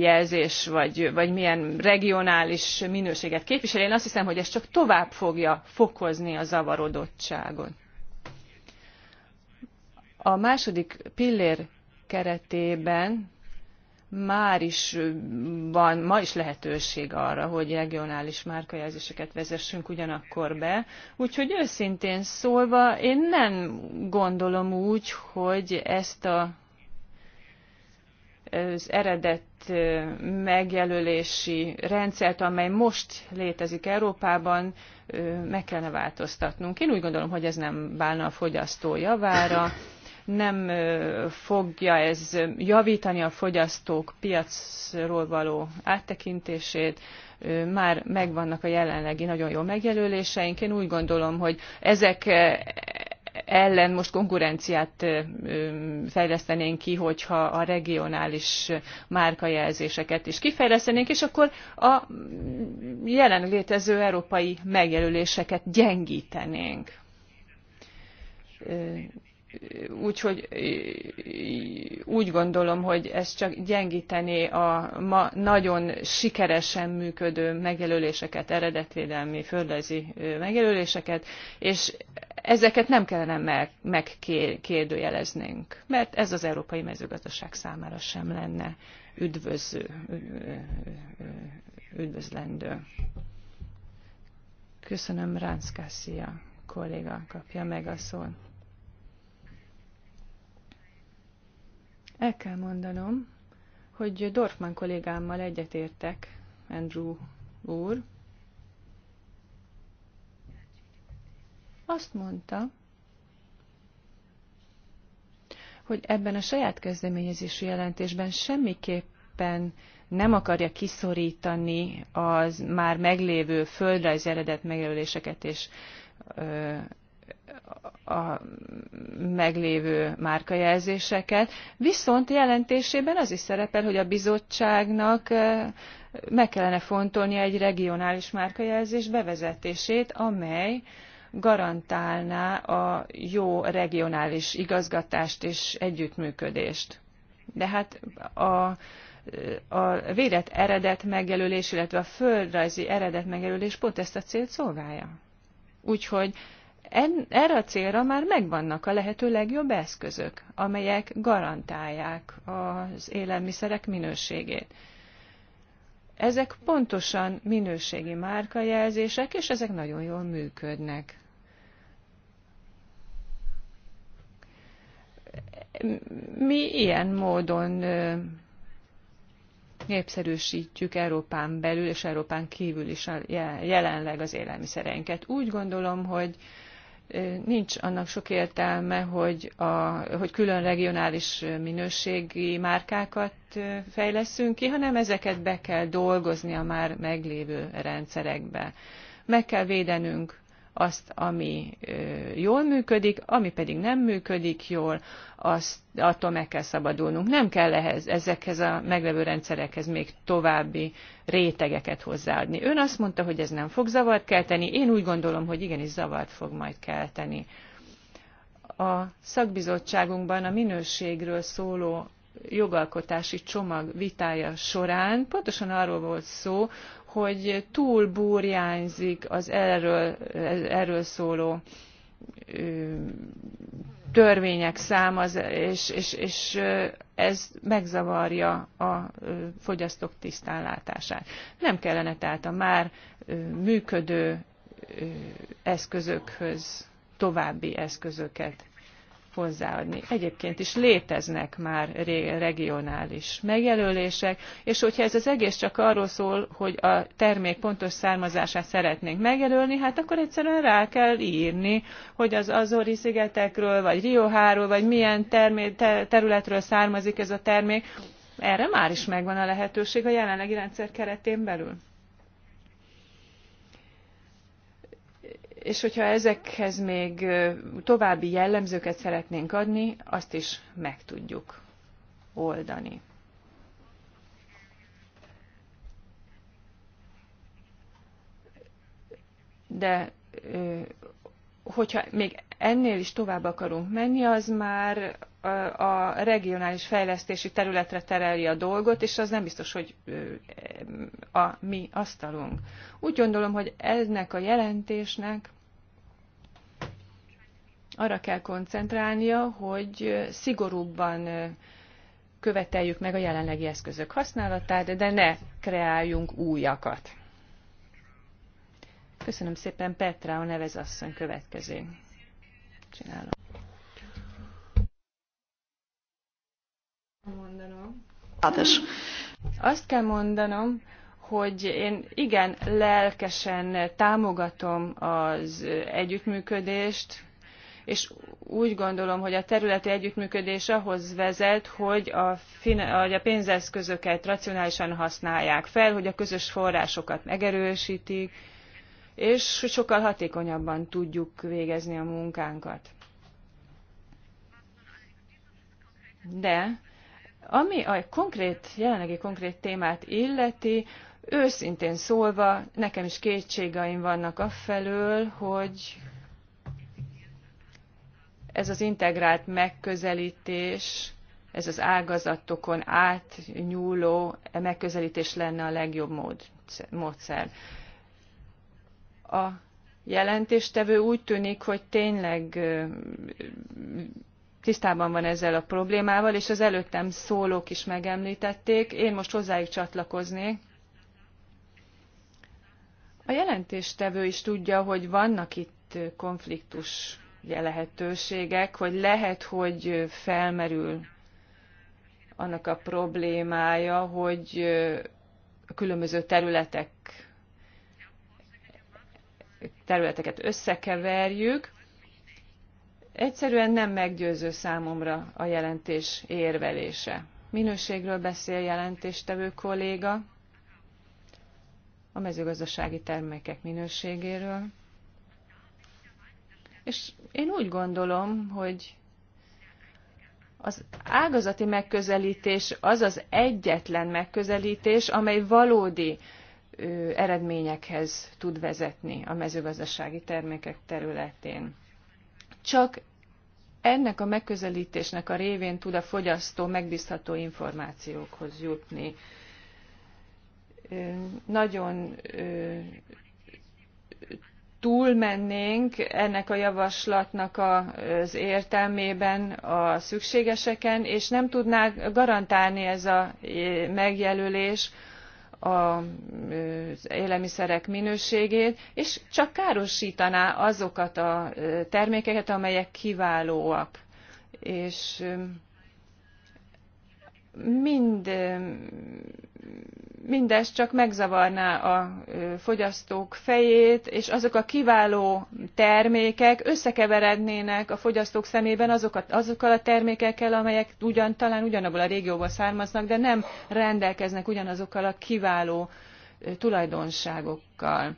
jelzés vagy, vagy milyen regionális minőséget képvisel. Én azt hiszem, hogy ez csak tovább fogja fokozni a zavarodottságot. A második pillér keretében már is van, ma is lehetőség arra, hogy regionális márkajelzéseket vezessünk ugyanakkor be. Úgyhogy őszintén szólva, én nem gondolom úgy, hogy ezt a az eredet megjelölési rendszert, amely most létezik Európában, meg kellene változtatnunk. Én úgy gondolom, hogy ez nem válna a fogyasztó javára, nem fogja ez javítani a fogyasztók piacról való áttekintését, már megvannak a jelenlegi nagyon jó megjelöléseink. Én úgy gondolom, hogy ezek ellen most konkurenciát fejlesztenénk ki, hogyha a regionális márkajelzéseket is kifejlesztenénk, és akkor a jelen létező európai megjelöléseket gyengítenénk úgyhogy úgy gondolom, hogy ez csak gyengítené a ma nagyon sikeresen működő megjelöléseket, eredetvédelmi földrajzi megjelöléseket, és ezeket nem kellene meg, megkérdőjeleznünk, mert ez az európai mezőgazdaság számára sem lenne üdvöző, üdvözlendő. Köszönöm, Kassia kolléga kapja meg a szót. El kell mondanom, hogy Dorfman kollégámmal egyetértek, Andrew úr. Azt mondta, hogy ebben a saját kezdeményezésű jelentésben semmiképpen nem akarja kiszorítani az már meglévő földrajzi eredet megjelöléseket és a meglévő márkajelzéseket, viszont jelentésében az is szerepel, hogy a bizottságnak meg kellene fontolnia egy regionális márkajelzés bevezetését, amely garantálná a jó regionális igazgatást és együttműködést. De hát a, a védett eredet megjelölés, illetve a földrajzi eredet megjelölés pont ezt a célt szolgálja. Úgyhogy en, erre a célra már megvannak a lehető legjobb eszközök, amelyek garantálják az élelmiszerek minőségét. Ezek pontosan minőségi márkajelzések, és ezek nagyon jól működnek. Mi ilyen módon népszerűsítjük Európán belül és Európán kívül is jelenleg az élelmiszereinket. Úgy gondolom, hogy nincs annak sok értelme, hogy, a, hogy külön regionális minőségi márkákat fejleszünk ki, hanem ezeket be kell dolgozni a már meglévő rendszerekbe. Meg kell védenünk azt, ami jól működik, ami pedig nem működik jól, azt, attól meg kell szabadulnunk. Nem kell ehhez, ezekhez a meglevő rendszerekhez még további rétegeket hozzáadni. Ön azt mondta, hogy ez nem fog zavart kelteni, én úgy gondolom, hogy igenis zavart fog majd kelteni. A szakbizottságunkban a minőségről szóló jogalkotási csomag vitája során pontosan arról volt szó, hogy túl burjánzik az erről, erről szóló törvények száma, és, és, és ez megzavarja a fogyasztók tisztánlátását. Nem kellene tehát a már működő eszközökhöz további eszközöket hozzáadni. Egyébként is léteznek már regionális megjelölések, és hogyha ez az egész csak arról szól, hogy a termék pontos származását szeretnénk megjelölni, hát akkor egyszerűen rá kell írni, hogy az Azori-szigetekről, vagy Rioháról, vagy milyen termé- területről származik ez a termék. Erre már is megvan a lehetőség a jelenlegi rendszer keretén belül. és hogyha ezekhez még további jellemzőket szeretnénk adni, azt is meg tudjuk oldani. De hogyha még ennél is tovább akarunk menni, az már a regionális fejlesztési területre tereli a dolgot, és az nem biztos, hogy a mi asztalunk. Úgy gondolom, hogy ennek a jelentésnek arra kell koncentrálnia, hogy szigorúbban követeljük meg a jelenlegi eszközök használatát, de ne kreáljunk újakat. Köszönöm szépen, Petra, a asszony következő. Csinálom. Mondanom. Azt kell mondanom, hogy én igen lelkesen támogatom az együttműködést és úgy gondolom, hogy a területi együttműködés ahhoz vezet, hogy a, pénzeszközöket racionálisan használják fel, hogy a közös forrásokat megerőstik és hogy sokkal hatékonyabban tudjuk végezni a munkánkat. De ami a konkrét, jelenlegi konkrét témát illeti, őszintén szólva, nekem is kétségeim vannak afelől, hogy ez az integrált megközelítés, ez az ágazatokon átnyúló megközelítés lenne a legjobb módszer. A jelentéstevő úgy tűnik, hogy tényleg tisztában van ezzel a problémával, és az előttem szólók is megemlítették. Én most hozzájuk csatlakoznék. A jelentéstevő is tudja, hogy vannak itt konfliktus ugye lehetőségek, hogy lehet, hogy felmerül annak a problémája, hogy a különböző területek területeket összekeverjük. Egyszerűen nem meggyőző számomra a jelentés érvelése. Minőségről beszél jelentéstevő kolléga, a mezőgazdasági termékek minőségéről. És én úgy gondolom, hogy az ágazati megközelítés az az egyetlen megközelítés, amely valódi ö, eredményekhez tud vezetni a mezőgazdasági termékek területén. Csak ennek a megközelítésnek a révén tud a fogyasztó megbízható információkhoz jutni. Ö, nagyon ö, túlmennénk ennek a javaslatnak az értelmében a szükségeseken és nem tudná garantálni ez a e, megjelölés az élelmiszerek minőségét és csak károsítaná azokat a e, termékeket amelyek kiválóak és mind, mindez csak megzavarná a fogyasztók fejét, és azok a kiváló termékek összekeverednének a fogyasztók szemében azokat, azokkal a termékekkel, amelyek ugyan, talán ugyanabból a régióból származnak, de nem rendelkeznek ugyanazokkal a kiváló tulajdonságokkal.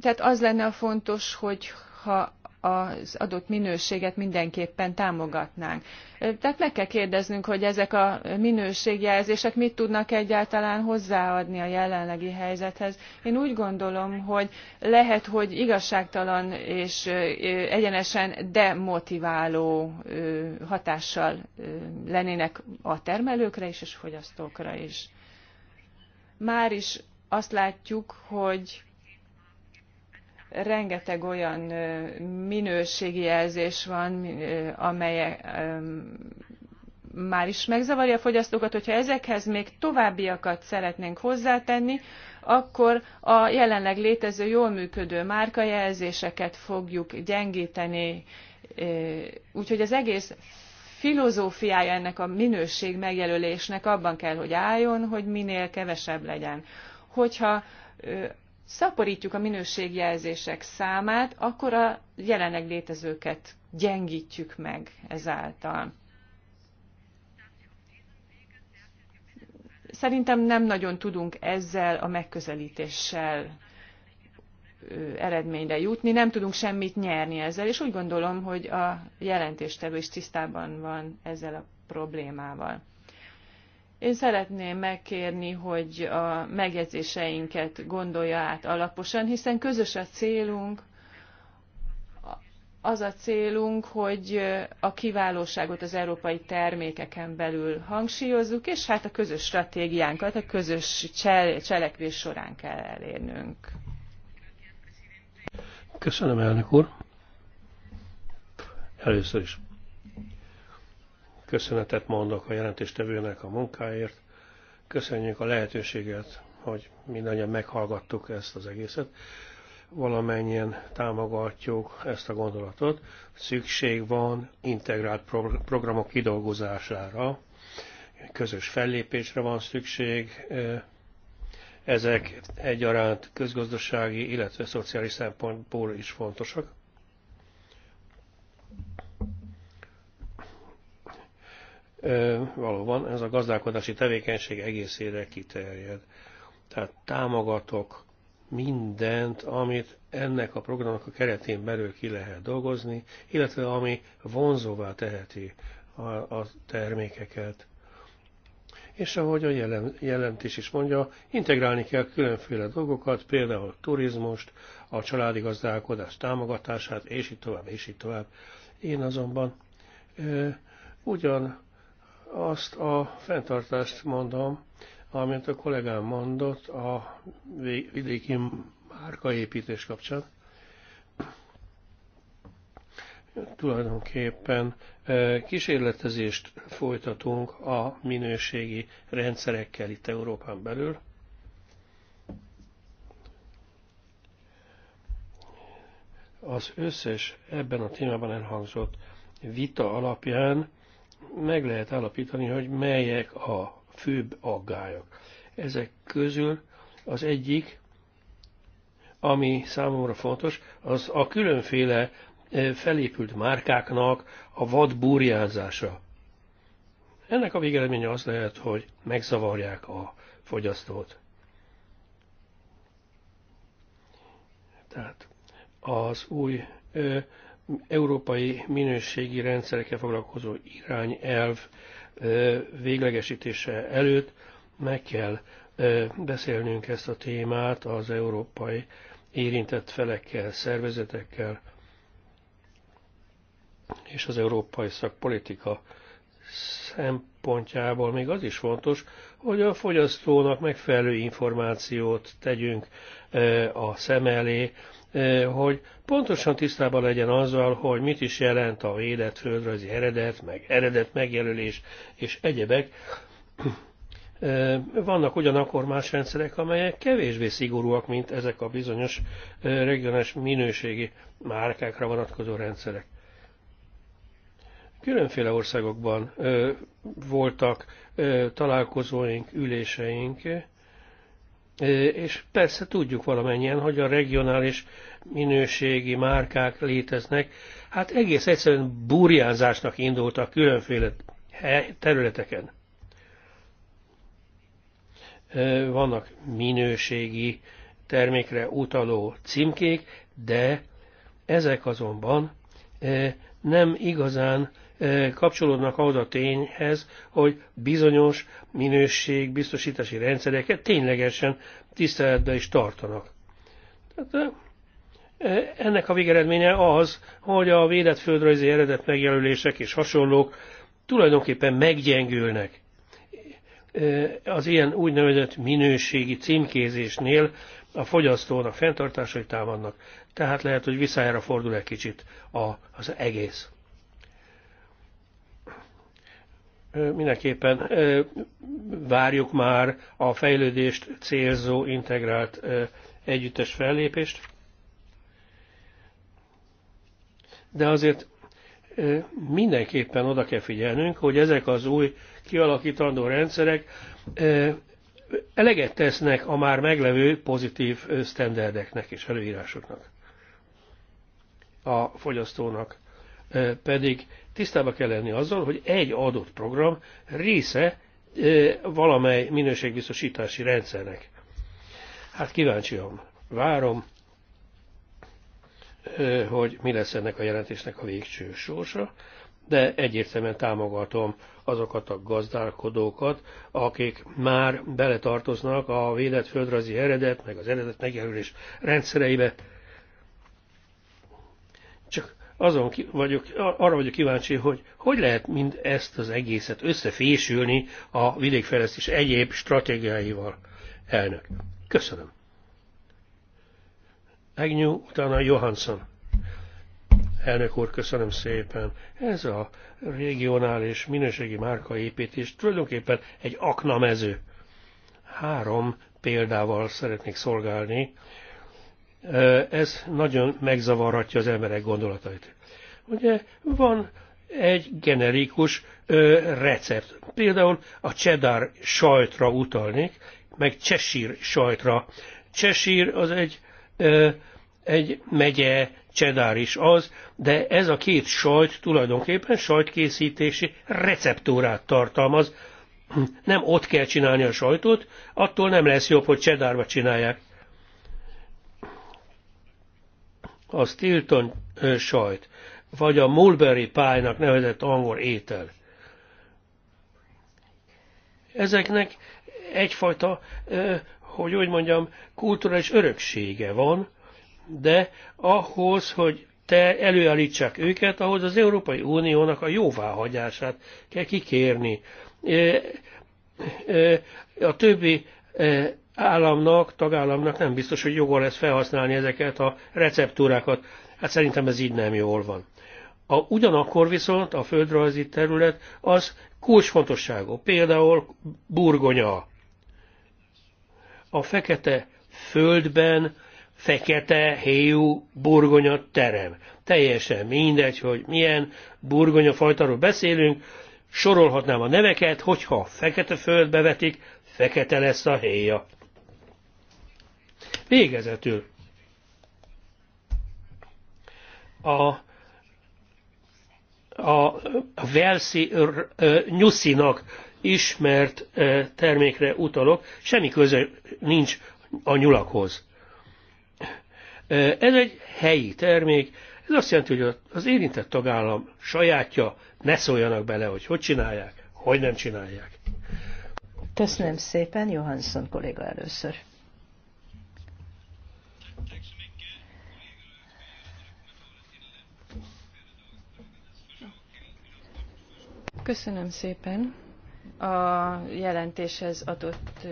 Tehát az lenne a fontos, hogy ha az adott minőséget mindenképpen támogatnánk. Tehát meg kell kérdeznünk, hogy ezek a minőségjelzések mit tudnak egyáltalán hozzáadni a jelenlegi helyzethez. Én úgy gondolom, hogy lehet, hogy igazságtalan és egyenesen demotiváló hatással lennének a termelőkre is és fogyasztókra is. Már is azt látjuk, hogy rengeteg olyan minőségi jelzés van, amely már is megzavarja a fogyasztókat, hogyha ezekhez még továbbiakat szeretnénk hozzátenni, akkor a jelenleg létező jól működő márkajelzéseket fogjuk gyengíteni, úgyhogy az egész filozófiája ennek a minőség megjelölésnek abban kell, hogy álljon, hogy minél kevesebb legyen. Hogyha szaporítjuk a minőségjelzések számát, akkor a jelenleg létezőket gyengítjük meg ezáltal. Szerintem nem nagyon tudunk ezzel a megközelítéssel eredményre jutni, nem tudunk semmit nyerni ezzel, és úgy gondolom, hogy a jelentéstevő is tisztában van ezzel a problémával. Én szeretném megkérni, hogy a megjegyzéseinket gondolja át alaposan, hiszen közös a célunk, az a célunk, hogy a kiválóságot az európai termékeken belül hangsúlyozzuk, és hát a közös stratégiánkat a közös csel cselekvés során kell elérnünk. Köszönöm, elnök úr. Először is Köszönetet mondok a jelentéstevőnek a munkáért. Köszönjük a lehetőséget, hogy mindannyian meghallgattuk ezt az egészet. Valamennyien támogatjuk ezt a gondolatot. Szükség van integrált programok kidolgozására, közös fellépésre van szükség, ezek egyaránt közgazdasági, illetve szociális szempontból is fontosak. valóban ez a gazdálkodási tevékenység egészére kiterjed. Tehát támogatok mindent, amit ennek a programnak a keretén belül ki lehet dolgozni, illetve ami vonzóvá teheti a, a termékeket. És ahogy a jelen, jelentés is mondja, integrálni kell különféle dolgokat, például a turizmust, a családi gazdálkodás támogatását, és így tovább, és így tovább. Én azonban ö, ugyan azt a fenntartást mondom, amit a kollégám mondott a vidéki márkaépítés kapcsán. Tulajdonképpen e, kísérletezést folytatunk a minőségi rendszerekkel itt Európán belül. Az összes ebben a témában elhangzott vita alapján meg lehet állapítani, hogy melyek a főbb aggályok. Ezek közül az egyik, ami számomra fontos, az a különféle e, felépült márkáknak a vad Ennek a végeleménye az lehet, hogy megzavarják a fogyasztót. Tehát az új ö, e, európai minőségi rendszerekkel foglalkozó irányelv véglegesítése előtt meg kell beszélnünk ezt a témát az európai érintett felekkel, szervezetekkel és az európai szakpolitika szempontjából még az is fontos, hogy a fogyasztónak megfelelő információt tegyünk a szem elé, Eh, hogy pontosan tisztában legyen azzal, hogy mit is jelent a védett földrajzi eredet, meg eredet megjelölés és egyebek. Eh, vannak ugyanakkor más rendszerek, amelyek kevésbé szigorúak, mint ezek a bizonyos eh, regionális minőségi márkákra vonatkozó rendszerek. Különféle országokban voltak találkozóink, üléseink, és persze tudjuk valamennyien, hogy a regionális minőségi márkák léteznek. Hát egész egyszerűen burjánzásnak indultak különféle területeken. Vannak minőségi termékre utaló címkék, de ezek azonban nem igazán kapcsolódnak ahhoz a tényhez, hogy bizonyos minőségbiztosítási rendszereket ténylegesen tiszteletbe is tartanak. Tehát ennek a végeredménye az, hogy a védett földrajzi eredet megjelölések és hasonlók tulajdonképpen meggyengülnek. Az ilyen úgynevezett minőségi címkézésnél a fogyasztónak fenntartásai támadnak, tehát lehet, hogy visszájára fordul egy kicsit az egész. mindenképpen várjuk már a fejlődést célzó integrált együttes fellépést. De azért mindenképpen oda kell figyelnünk, hogy ezek az új kialakítandó rendszerek eleget tesznek a már meglevő pozitív sztenderdeknek és előírásoknak a fogyasztónak pedig Tisztába kell lenni azzal, hogy egy adott program része valamely minőségbiztosítási rendszernek. Hát kíváncsian várom, hogy mi lesz ennek a jelentésnek a végső sorsa, de egyértelműen támogatom azokat a gazdálkodókat, akik már beletartoznak a védett földrajzi eredet, meg az eredet megjelölés rendszereibe. Csak azon ki, vagyok, arra vagyok kíváncsi, hogy hogy lehet mind ezt az egészet összefésülni a vidékfejlesztés egyéb stratégiáival, elnök. Köszönöm. Egnyú utána Johansson. Elnök úr, köszönöm szépen. Ez a regionális minőségi márkaépítés tulajdonképpen egy aknamező. Három példával szeretnék szolgálni ez nagyon megzavarhatja az emberek gondolatait. Ugye van egy generikus recept. Például a cheddar sajtra utalnék, meg csesír sajtra. Csesír az egy, egy megye, cheddar is az, de ez a két sajt tulajdonképpen sajtkészítési receptúrát tartalmaz. Nem ott kell csinálni a sajtot, attól nem lesz jobb, hogy cheddárba csinálják. a Stilton sajt, vagy a mulberry pálynak nevezett angol étel. Ezeknek egyfajta, hogy úgy mondjam, kulturális öröksége van, de ahhoz, hogy te előállítsák őket, ahhoz az Európai Uniónak a jóváhagyását kell kikérni. A többi államnak, tagállamnak nem biztos, hogy joga lesz felhasználni ezeket a receptúrákat. Hát szerintem ez így nem jól van. A, ugyanakkor viszont a földrajzi terület az kulcsfontosságú. Például burgonya. A fekete földben fekete héjú burgonya terem. Teljesen mindegy, hogy milyen burgonya fajtáról beszélünk, sorolhatnám a neveket, hogyha fekete földbe vetik, fekete lesz a héja. Végezetül a a Velszi nyuszinak ismert termékre utalok, semmi köze nincs a nyulakhoz. Ez egy helyi termék, ez azt jelenti, hogy az érintett tagállam sajátja, ne szóljanak bele, hogy hogy csinálják, hogy nem csinálják. Köszönöm szépen, Johansson kolléga először. Köszönöm szépen a jelentéshez adott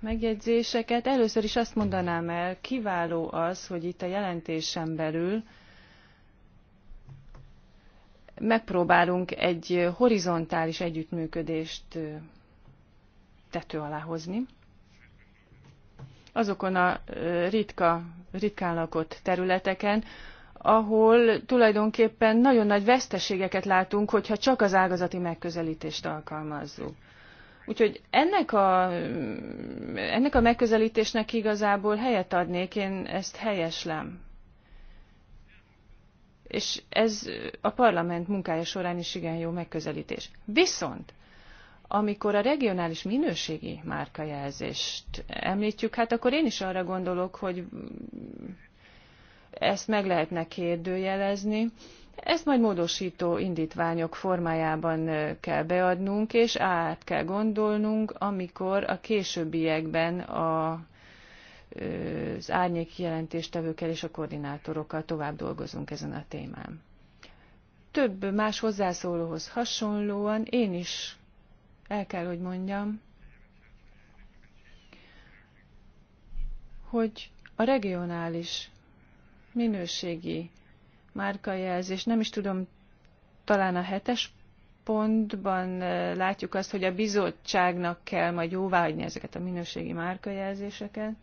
megjegyzéseket. Először is azt mondanám el, kiváló az, hogy itt a jelentésen belül megpróbálunk egy horizontális együttműködést tető alá hozni. Azokon a ritka, ritkán lakott területeken, ahol tulajdonképpen nagyon nagy veszteségeket látunk, hogyha csak az ágazati megközelítést alkalmazzuk. Úgyhogy ennek a, ennek a megközelítésnek igazából helyet adnék, én ezt helyeslem. És ez a parlament munkája során is igen jó megközelítés. Viszont, amikor a regionális minőségi márkajelzést említjük, hát akkor én is arra gondolok, hogy ezt meg lehetne kérdőjelezni. Ezt majd módosító indítványok formájában kell beadnunk, és át kell gondolnunk, amikor a későbbiekben a, az árnyéki jelentéstevőkkel és a koordinátorokkal tovább dolgozunk ezen a témán. Több más hozzászólóhoz hasonlóan én is el kell, hogy mondjam, hogy a regionális minőségi márkajelzés. Nem is tudom, talán a hetes pontban eh, látjuk azt, hogy a bizottságnak kell majd jóváhagyni ezeket a minőségi márkajelzéseket.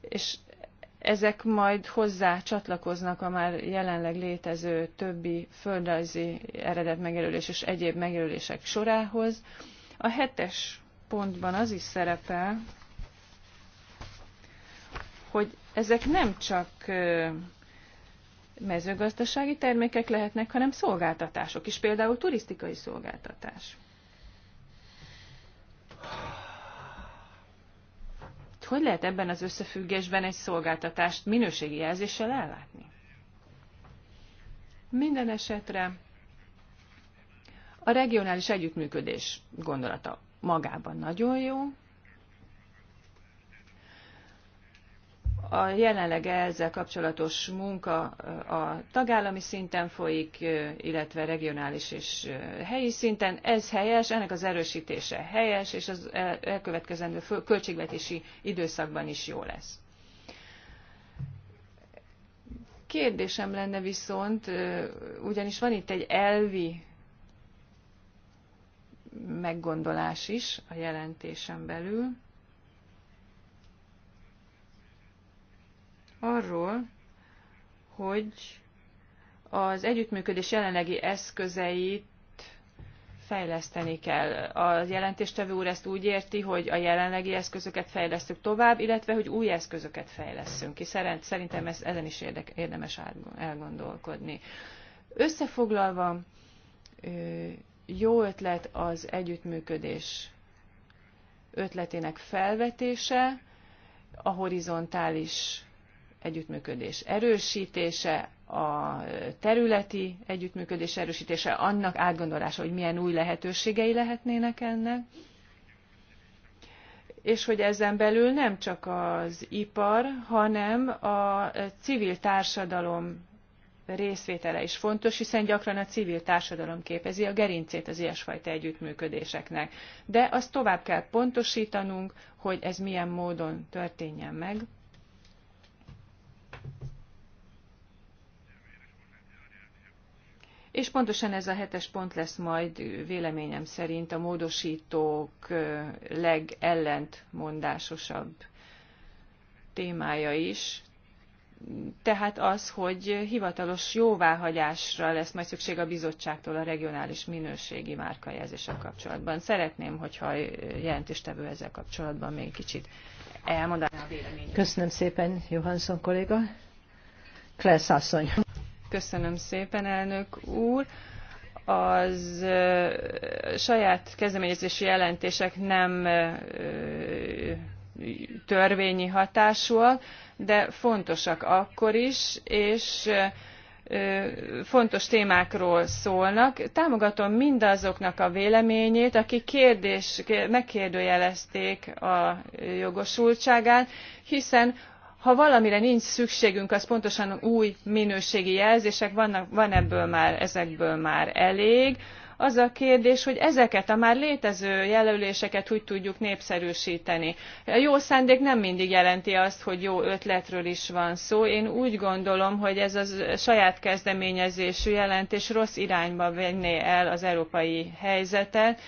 És ezek majd hozzá csatlakoznak a már jelenleg létező többi földrajzi eredet megjelölés és egyéb megjelölések sorához. A hetes pontban az is szerepel, hogy ezek nem csak mezőgazdasági termékek lehetnek, hanem szolgáltatások is, például turisztikai szolgáltatás. Hogy lehet ebben az összefüggésben egy szolgáltatást minőségi jelzéssel ellátni? Minden esetre a regionális együttműködés gondolata magában nagyon jó, A jelenleg ezzel kapcsolatos munka a tagállami szinten folyik, illetve regionális és helyi szinten. Ez helyes, ennek az erősítése helyes, és az elkövetkezendő költségvetési időszakban is jó lesz. Kérdésem lenne viszont, ugyanis van itt egy elvi meggondolás is a jelentésen belül, arról, hogy az együttműködés jelenlegi eszközeit fejleszteni kell. A jelentéstevő úr ezt úgy érti, hogy a jelenlegi eszközöket fejlesztük tovább, illetve hogy új eszközöket fejleszünk ki. Szerintem ez, ezen is érdemes elgondolkodni. Összefoglalva, jó ötlet az együttműködés ötletének felvetése, a horizontális együttműködés erősítése, a területi együttműködés erősítése, annak átgondolása, hogy milyen új lehetőségei lehetnének ennek, és hogy ezen belül nem csak az ipar, hanem a civil társadalom részvétele is fontos, hiszen gyakran a civil társadalom képezi a gerincét az ilyesfajta együttműködéseknek. De azt tovább kell pontosítanunk, hogy ez milyen módon történjen meg, És pontosan ez a hetes pont lesz majd véleményem szerint a módosítók legellentmondásosabb témája is. Tehát az, hogy hivatalos jóváhagyásra lesz majd szükség a bizottságtól a regionális minőségi márkajelzéssel kapcsolatban. Szeretném, hogyha jelentéstevő ezzel kapcsolatban még kicsit elmondaná a véleményét. Köszönöm szépen, Johansson kolléga. Klesz asszony. Köszönöm szépen, elnök úr. Az saját kezdeményezési jelentések nem törvényi hatásúak, de fontosak akkor is, és fontos témákról szólnak. Támogatom mindazoknak a véleményét, akik kérdés, megkérdőjelezték a jogosultságát, hiszen ha valamire nincs szükségünk, az pontosan új minőségi jelzések, vannak, van ebből már, ezekből már elég. Az a kérdés, hogy ezeket a már létező jelöléseket hogy tudjuk népszerűsíteni. A jó szándék nem mindig jelenti azt, hogy jó ötletről is van szó. Én úgy gondolom, hogy ez a saját kezdeményezésű jelentés rossz irányba venné el az európai helyzetet.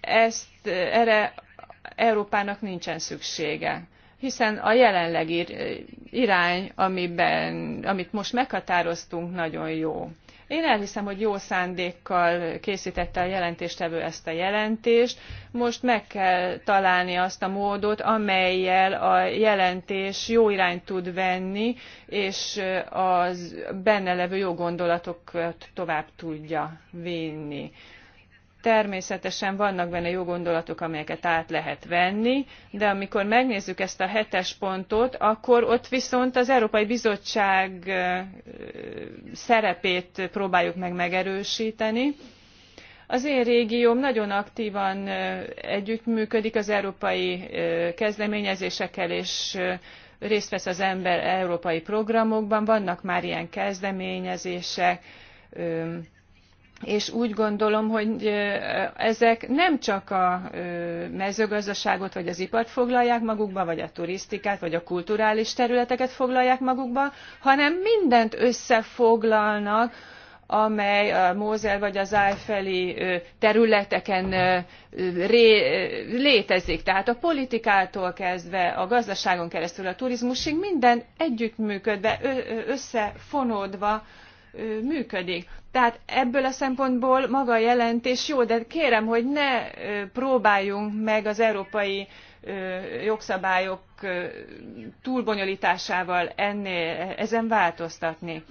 Ezt erre Európának nincsen szüksége hiszen a jelenlegi eh, irány, amiben, amit most meghatároztunk, nagyon jó. Én elhiszem, hogy jó szándékkal készítette a jelentéstevő ezt a jelentést. Most meg kell találni azt a módot, amelyel a jelentés jó irányt tud venni, és eh, az benne levő jó gondolatokat tovább tudja vinni Természetesen vannak benne jó gondolatok, amelyeket át lehet venni, de amikor megnézzük ezt a hetes pontot, akkor ott viszont az Európai Bizottság szerepét próbáljuk meg megerősíteni. Az én régióm nagyon aktívan együttműködik az európai kezdeményezésekkel, és részt vesz az ember európai programokban. Vannak már ilyen kezdeményezések, és úgy gondolom, hogy ezek nem csak a mezőgazdaságot vagy az ipart foglalják magukba, vagy a turisztikát, vagy a kulturális területeket foglalják magukba, hanem mindent összefoglalnak, amely a Mózel vagy az Eiffeli területeken létezik. Tehát a politikától kezdve, a gazdaságon keresztül a turizmusig minden együttműködve, összefonódva működik tehát ebből a szempontból maga a jelentés jó, de kérem, hogy ne próbáljunk meg az európai jogszabályok túlbonyolításával ennél, ezen változtatni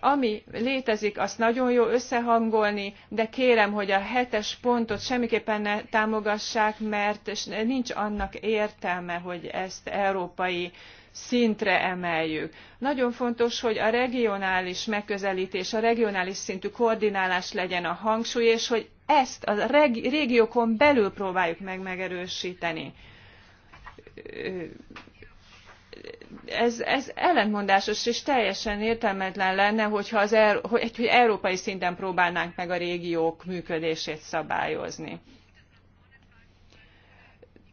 ami létezik, azt nagyon jó összehangolni, de kérem, hogy a hetes pontot semmiképpen ne támogassák, mert nincs annak értelme, hogy ezt európai szintre emeljük. Nagyon fontos, hogy a regionális megközelítés, a regionális szintű koordinálás legyen a hangsúly, és hogy ezt a régiókon belül próbáljuk meg megerősíteni. Ez, ez ellentmondásos és teljesen értelmetlen lenne, hogyha az, hogy, hogy európai szinten próbálnánk meg a régiók működését szabályozni.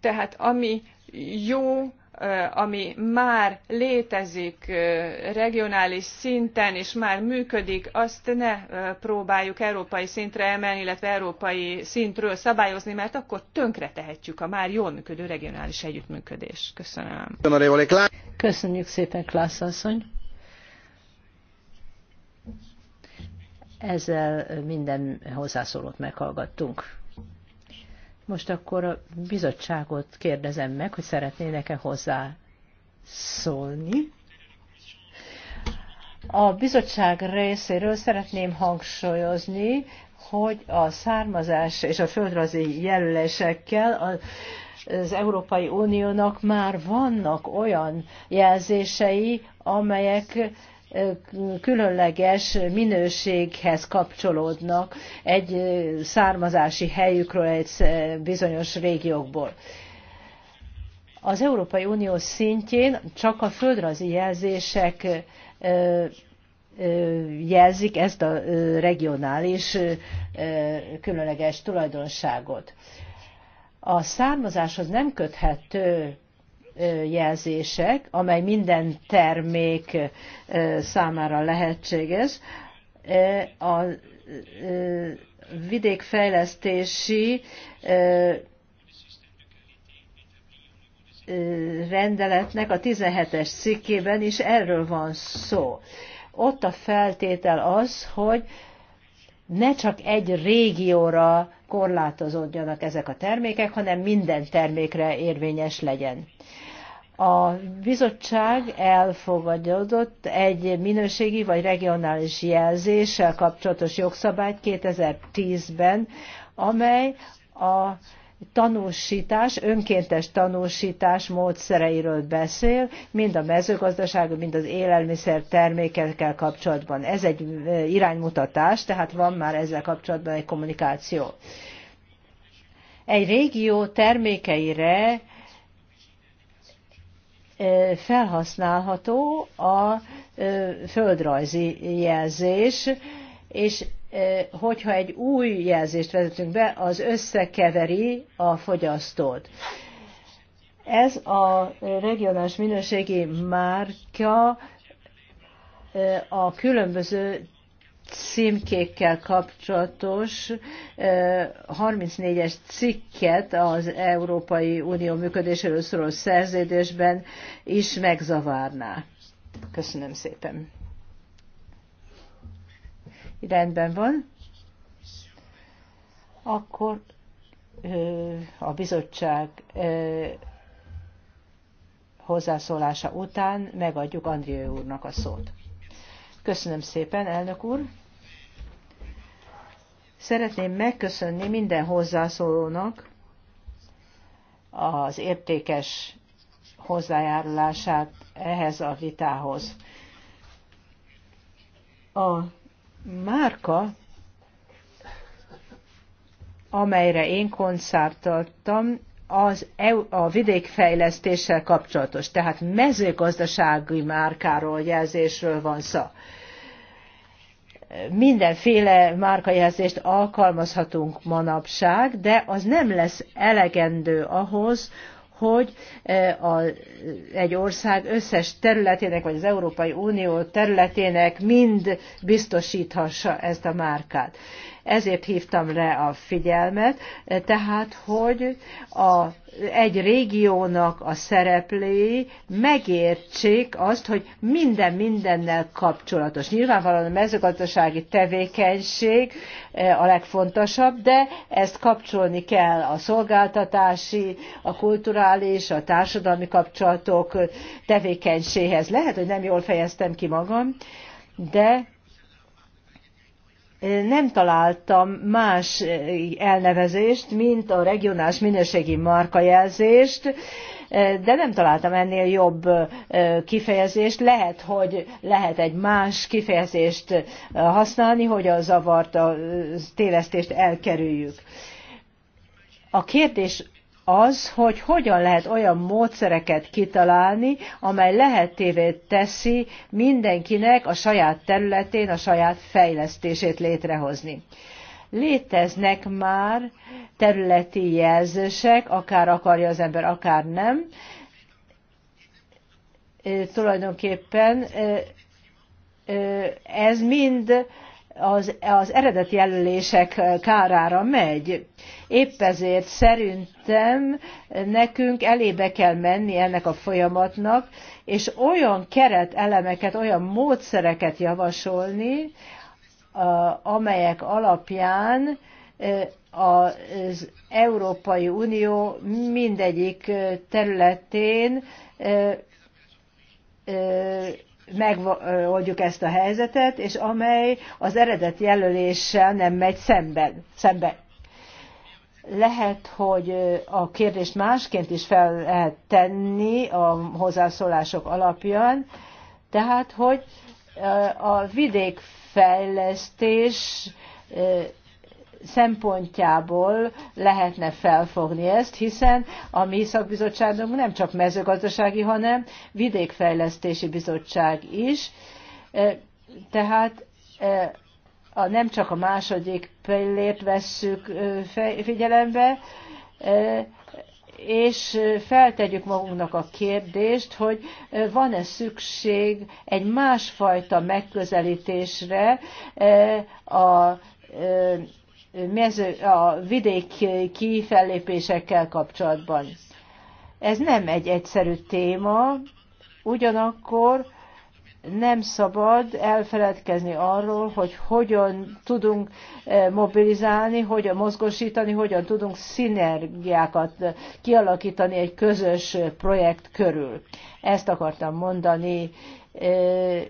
Tehát ami jó, ami már létezik regionális szinten és már működik azt ne próbáljuk európai szintre emelni illetve európai szintről szabályozni mert akkor tönkretehetjük a már jól működő regionális együttműködést. köszönöm. köszönjük szépen klász asszony. ezzel minden hozzászólót meghallgattunk. Most akkor a bizottságot kérdezem meg, hogy szeretnének-e hozzá szólni. A bizottság részéről szeretném hangsúlyozni, hogy a származás és a földrajzi jelölésekkel az Európai Uniónak már vannak olyan jelzései, amelyek különleges minőséghez kapcsolódnak egy származási helyükről, egy bizonyos régiókból. Az Európai Unió szintjén csak a földrajzi jelzések jelzik ezt a regionális különleges tulajdonságot. A származáshoz nem köthető jelzések, amely minden termék számára lehetséges. A vidékfejlesztési rendeletnek a 17-es cikkében is erről van szó. Ott a feltétel az, hogy ne csak egy régióra korlátozódjanak ezek a termékek, hanem minden termékre érvényes legyen. A bizottság elfogadott egy minőségi vagy regionális jelzéssel kapcsolatos jogszabályt 2010-ben, amely a tanúsítás, önkéntes tanúsítás módszereiről beszél, mind a mezőgazdaság, mind az élelmiszer termékekkel kapcsolatban. Ez egy iránymutatás, tehát van már ezzel kapcsolatban egy kommunikáció. Egy régió termékeire felhasználható a földrajzi jelzés, és hogyha egy új jelzést vezetünk be, az összekeveri a fogyasztót. Ez a regionális minőségi márka a különböző címkékkel kapcsolatos 34-es cikket az Európai Unió működéséről szóló szerződésben is megzavárná. Köszönöm szépen. Rendben van. Akkor a bizottság hozzászólása után megadjuk Andrió úrnak a szót. Köszönöm szépen, elnök úr! Szeretném megköszönni minden hozzászólónak az értékes hozzájárulását ehhez a vitához. A márka, amelyre én koncertoltam, az EU, a vidékfejlesztéssel kapcsolatos, tehát mezőgazdasági márkáról, jelzésről van szó. Mindenféle márkajelzést alkalmazhatunk manapság, de az nem lesz elegendő ahhoz, hogy e, a, egy ország összes területének, vagy az Európai Unió területének mind biztosíthassa ezt a márkát. Ezért hívtam le a figyelmet, tehát, hogy a, egy régiónak a szereplői megértsék azt, hogy minden mindennel kapcsolatos. Nyilvánvalóan a mezőgazdasági tevékenység eh, a legfontosabb, de ezt kapcsolni kell a szolgáltatási, a kulturális, a társadalmi kapcsolatok eh, tevékenységéhez. Lehet, hogy nem jól fejeztem ki magam, de nem találtam más eh, elnevezést, mint a regionális minőségi márkajelzést, eh, de nem találtam ennél jobb eh, kifejezést. Lehet, hogy lehet egy más kifejezést használni, hogy a zavart, a tévesztést elkerüljük. A kérdés az, hogy hogyan lehet olyan módszereket kitalálni, amely lehetővé teszi mindenkinek a saját területén a saját fejlesztését létrehozni. Léteznek már területi jelzések, akár akarja az ember, akár nem. Tulajdonképpen ez mind az, az eredeti jelölések kárára megy. Épp ezért szerintem nekünk elébe kell menni ennek a folyamatnak, és olyan keretelemeket, olyan módszereket javasolni, amelyek alapján e, az Európai Unió mindegyik területén e, e, megoldjuk ezt a helyzetet, és amely az eredet jelöléssel nem megy szemben, szembe. Lehet, hogy a kérdést másként is fel lehet tenni a hozzászólások alapján, tehát, hogy a vidékfejlesztés szempontjából lehetne felfogni ezt, hiszen a mi szakbizottságunk nem csak mezőgazdasági, hanem vidékfejlesztési bizottság is. E, tehát e, a, nem csak a második pillért vesszük e, figyelembe, és feltegyük magunknak a kérdést, hogy van-e szükség egy másfajta megközelítésre a mező, a vidéki fellépésekkel kapcsolatban. Ez nem egy egyszerű téma, ugyanakkor nem szabad elfeledkezni arról, hogy hogyan tudunk eh, mobilizálni, hogyan mozgosítani, hogyan tudunk szinergiákat kialakítani egy közös projekt körül. Ezt akartam mondani eh,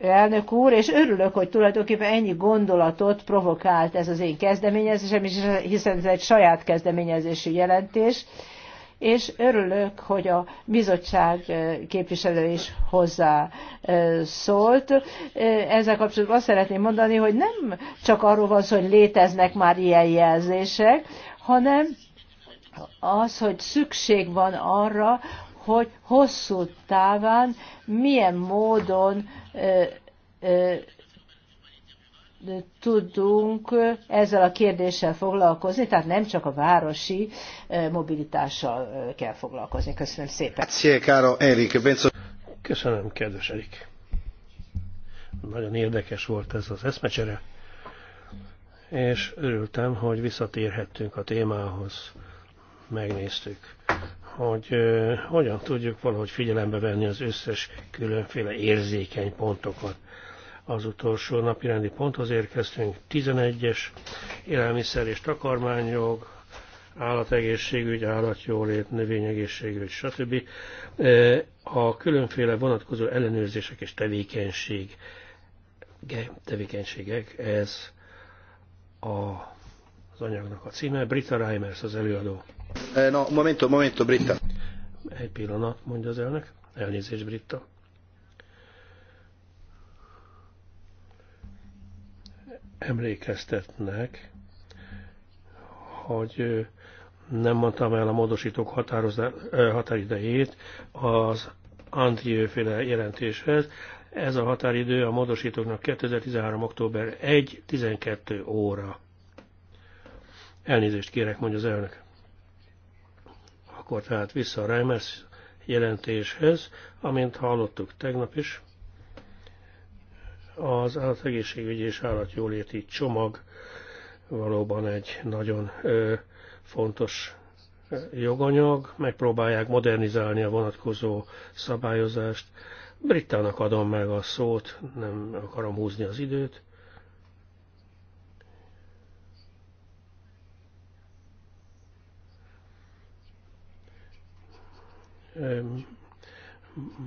elnök úr, és örülök, hogy tulajdonképpen ennyi gondolatot provokált ez az én kezdeményezésem, hiszen ez egy saját kezdeményezésű jelentés, és örülök, hogy a bizottság eh, képviselő is hozzá eh, szólt. Eh, ezzel kapcsolatban azt szeretném mondani, hogy nem csak arról van szó, hogy léteznek már ilyen jelzések, hanem az, hogy szükség van arra, hogy hosszú táván milyen módon ö, ö, tudunk ezzel a kérdéssel foglalkozni, tehát nem csak a városi mobilitással kell foglalkozni. Köszönöm szépen. Köszönöm, kedves Erik. Nagyon érdekes volt ez az eszmecsere, és örültem, hogy visszatérhettünk a témához megnéztük, hogy hogyan tudjuk valahogy figyelembe venni az összes különféle érzékeny pontokat. Az utolsó napi rendi ponthoz érkeztünk, 11-es élelmiszer és takarmányjog, állategészségügy, állatjólét, növényegészségügy, stb. A különféle vonatkozó ellenőrzések és tevékenység, tevékenységek, ez a, az anyagnak a címe. Brita Reimers az előadó. Eh, no, momento, momento, Britta. Egy pillanat, mondja az elnök. Elnézést, Britta. Emlékeztetnek, hogy nem mondtam el a módosítók határidejét az Antriőféle jelentéshez. Ez a határidő a módosítóknak 2013. október 1-12 óra. Elnézést kérek, mondja az elnök. Akkor tehát vissza a Reimers jelentéshez, amint hallottuk tegnap is, az állategészségügyi és állatjóléti csomag valóban egy nagyon ö, fontos joganyag, megpróbálják modernizálni a vonatkozó szabályozást. Britának adom meg a szót, nem akarom húzni az időt.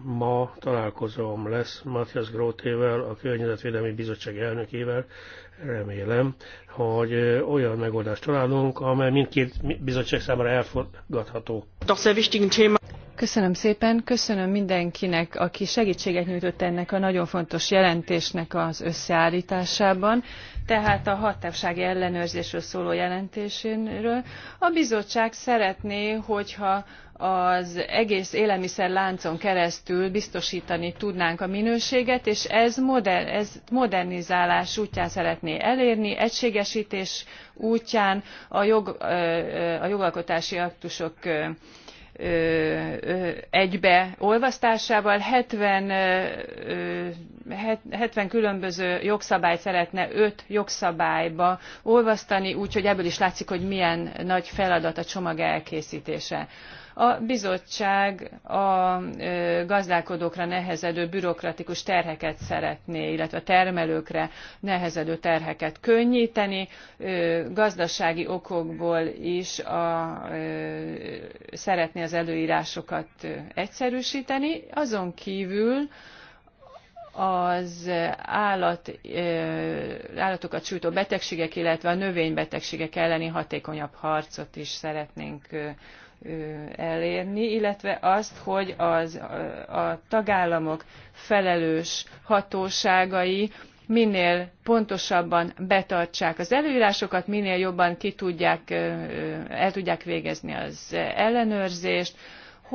Ma találkozom lesz Matthias Grótével, a Környezetvédelmi Bizottság elnökével. Remélem, hogy olyan megoldást találunk, amely mindkét bizottság számára elfogadható. Köszönöm szépen, köszönöm mindenkinek, aki segítséget nyújtott ennek a nagyon fontos jelentésnek az összeállításában, tehát a hatásági ellenőrzésről szóló jelentésénről. A bizottság szeretné, hogyha az egész élelmiszerláncon keresztül biztostani tudnánk a minőséget és ez, modernizálás útján szeretné elérni egységestés útján a, jogalkotási aktusok egybe seventy 70, különböző jogszabályt szeretne 5 jogszabályba olvasztani, úgyhogy ebből is látszik, hogy milyen nagy feladat a csomag elkészítése. A bizottság a gazdálkodókra nehezedő bürokratikus terheket szeretné, illetve a termelőkre nehezedő terheket könnyíteni. Gazdasági okokból is a, szeretné az előírásokat egyszerűsíteni. Azon kívül az állatokat sújtó betegségek, illetve a növénybetegségek elleni hatékonyabb harcot is szeretnénk elérni, illetve azt, hogy az, a tagállamok felelős hatóságai minél pontosabban betartsák az előírásokat, minél jobban ki tudják, el tudják végezni az ellenőrzést,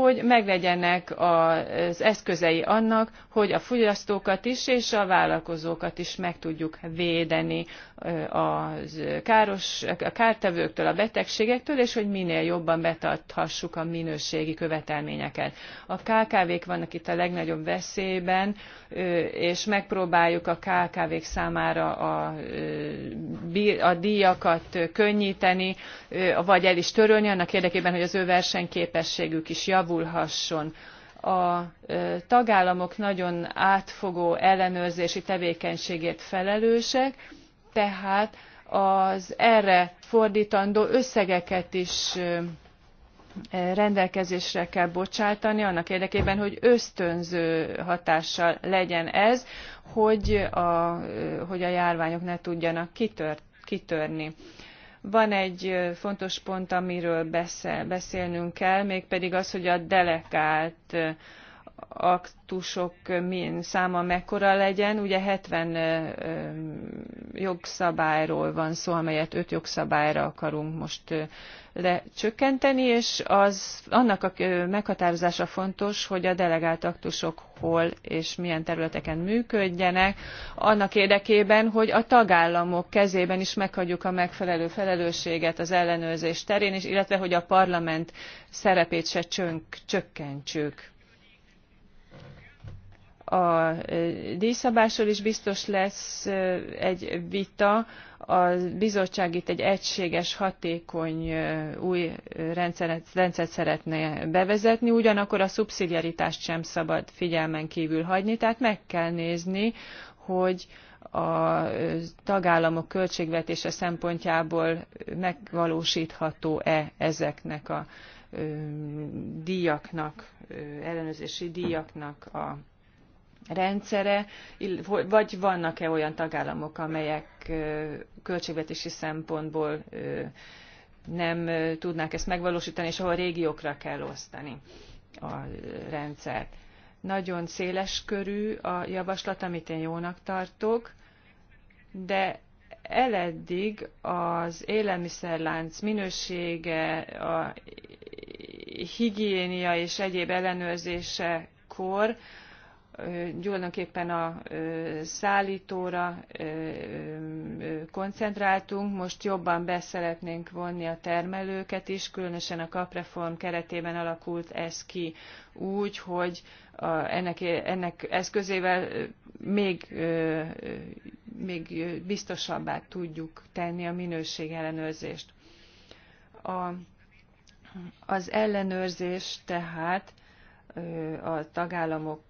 hogy meglegyenek az eszközei annak, hogy a fogyasztókat is és a vállalkozókat is meg tudjuk védeni a, káros, a kártevőktől, a betegségektől, és hogy minél jobban betarthassuk a minőségi követelményeket. A KKV-k vannak itt a legnagyobb veszélyben, és megpróbáljuk a KKV-k számára a, a díjakat könnyíteni, vagy el is törölni, annak érdekében, hogy az ő versenyképességük is javuljon javulhasson. A tagállamok nagyon átfogó ellenőrzési tevékenységét felelősek, tehát az erre fordítandó összegeket is rendelkezésre kell bocsátani annak érdekében, hogy ösztönző hatással legyen ez, hogy a, hogy a járványok ne tudjanak kitör, kitörni. Van egy fontos pont, amiről beszélnünk kell, mégpedig az, hogy a delegált aktusok száma mekkora legyen. Ugye 70 jogszabályról van szó, amelyet 5 jogszabályra akarunk most lecsökkenteni, és az, annak a meghatározása fontos, hogy a delegált aktusok hol és milyen területeken működjenek, annak érdekében, hogy a tagállamok kezében is meghagyjuk a megfelelő felelősséget az ellenőrzés terén, és illetve hogy a parlament szerepét se csönk, csökkentsük a díjszabásról is biztos lesz egy vita. A bizottság itt egy egységes, hatékony új rendszeret, rendszert szeretne bevezetni, ugyanakkor a szubszidiaritást sem szabad figyelmen kívül hagyni, tehát meg kell nézni, hogy a tagállamok költségvetése szempontjából megvalósítható-e ezeknek a díjaknak, ellenőrzési díjaknak a rendszere, vagy vannak-e olyan tagállamok, amelyek költségvetési szempontból nem tudnák ezt megvalósítani, és ahol régiókra kell osztani a rendszert. Nagyon széles körű a javaslat, amit én jónak tartok, de eleddig az élelmiszerlánc minősége, a higiénia és egyéb ellenőrzésekor tulajdonképpen a szállítóra koncentráltunk, most jobban beszeretnénk vonni a termelőket is, különösen a kapreform keretében alakult ez ki úgy, hogy a, ennek, ennek eszközével még, még biztosabbá tudjuk tenni a minőség ellenőrzést. A, az ellenőrzés tehát a tagállamok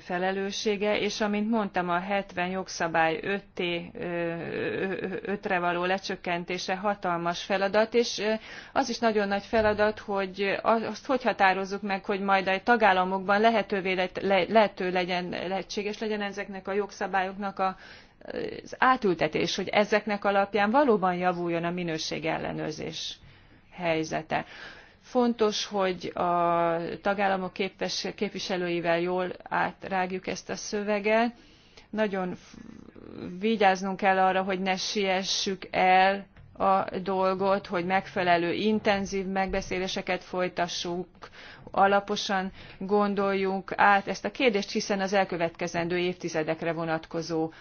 felelőssége, és amint mondtam, a 70 jogszabály 5-re való lecsökkentése hatalmas feladat, és az is nagyon nagy feladat, hogy azt hogy határozzuk meg, hogy majd a tagállamokban lehetővé le, lehető legyen, lehetséges legyen ezeknek a jogszabályoknak a az átültetés, hogy ezeknek alapján valóban javuljon a minőségellenőrzés helyzete. Fontos, hogy a tagállamok képes, képviselőivel jól átrágjuk ezt a szöveget. Nagyon vigyáznunk kell arra, hogy ne siessük el a dolgot, hogy megfelelő intenzív megbeszéléseket folytassunk, alaposan gondoljunk át ezt a kérdést, hiszen az elkövetkezendő évtizedekre vonatkozó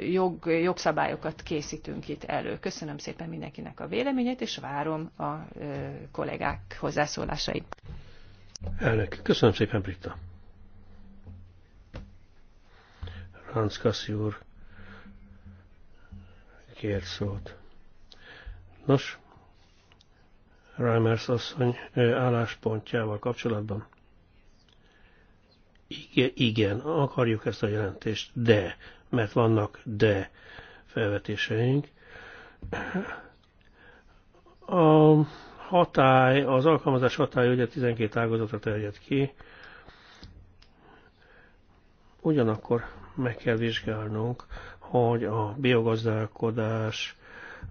jog, jogszabályokat készítünk itt elő. Köszönöm szépen mindenkinek a véleményét, és várom a kollégák hozzászólásait. Elnök, köszönöm szépen, Britta. Ranszkaszi úr kért szót. Nos, Reimers asszony álláspontjával kapcsolatban. Igen, igen, akarjuk ezt a jelentést, de, mert vannak de felvetéseink. A hatály, az alkalmazás hatály ugye 12 ágazatra terjed ki, ugyanakkor meg kell vizsgálnunk, hogy a biogazdálkodás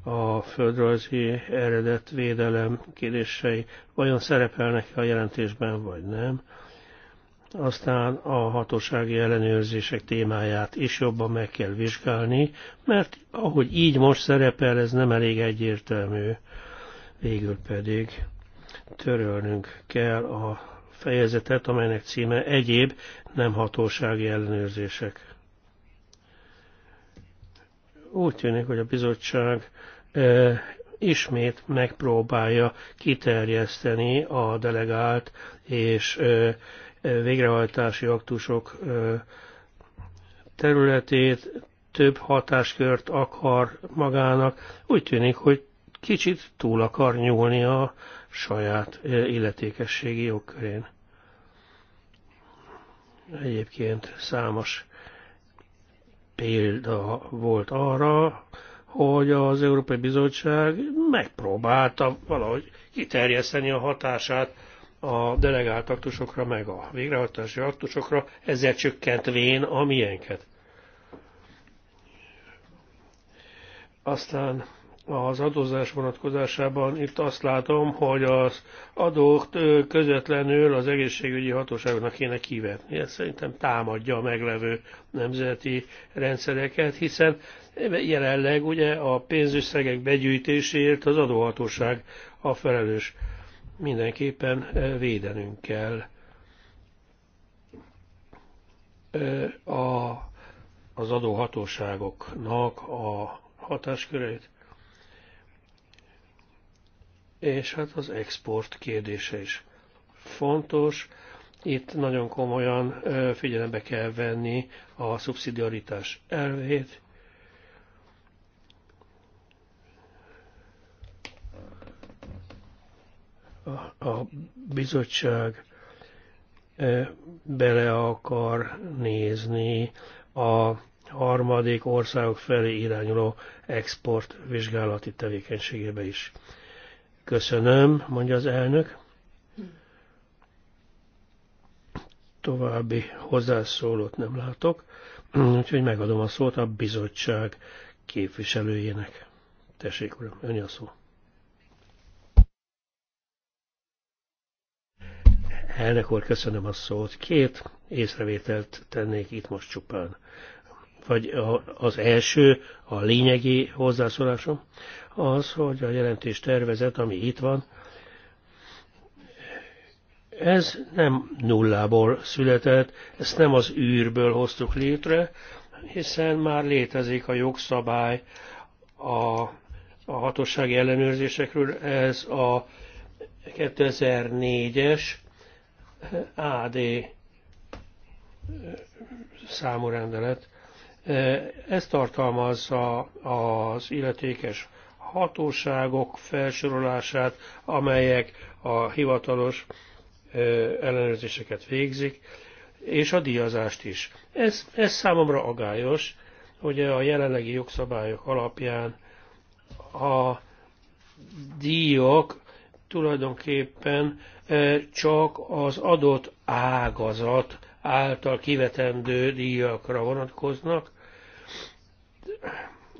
a földrajzi eredetvédelem kérdései vajon szerepelnek-e a jelentésben, vagy nem. Aztán a hatósági ellenőrzések témáját is jobban meg kell vizsgálni, mert ahogy így most szerepel, ez nem elég egyértelmű. Végül pedig törölnünk kell a fejezetet, amelynek címe egyéb nem hatósági ellenőrzések úgy tűnik, hogy a bizottság ismét megpróbálja kiterjeszteni a delegált és végrehajtási aktusok területét, több hatáskört akar magának. Úgy tűnik, hogy kicsit túl akar nyúlni a saját illetékességi jogkörén. Egyébként számos példa volt arra, hogy az Európai Bizottság megpróbálta valahogy kiterjeszteni a hatását a delegált aktusokra, meg a végrehajtási aktusokra, ezzel csökkentvén a miénket. Aztán az adózás vonatkozásában itt azt látom, hogy az adót közvetlenül az egészségügyi hatóságoknak kéne kivetni. Ez szerintem támadja a meglevő nemzeti rendszereket, hiszen jelenleg ugye a pénzösszegek begyűjtéséért az adóhatóság a felelős. Mindenképpen védenünk kell a, az adóhatóságoknak a hatásköreit és hát az export kérdése is fontos. Itt nagyon komolyan figyelembe kell venni a szubszidiaritás elvét. A bizottság bele akar nézni a harmadik országok felé irányuló export vizsgálati tevékenységébe is. Köszönöm, mondja az elnök. További hozzászólót nem látok, úgyhogy megadom a szót a bizottság képviselőjének. Tessék, uram, ön a szó. Elnök úr, köszönöm a szót. Két észrevételt tennék itt most csupán vagy az első, a lényegi hozzászólásom, az, hogy a jelentés tervezet, ami itt van, ez nem nullából született, ezt nem az űrből hoztuk létre, hiszen már létezik a jogszabály a, a hatósági ellenőrzésekről, ez a 2004-es AD számú rendelet, ez tartalmazza az illetékes hatóságok felsorolását, amelyek a hivatalos ellenőrzéseket végzik, és a díjazást is. Ez, ez számomra agályos, hogy a jelenlegi jogszabályok alapján a díjak tulajdonképpen csak az adott ágazat által kivetendő díjakra vonatkoznak,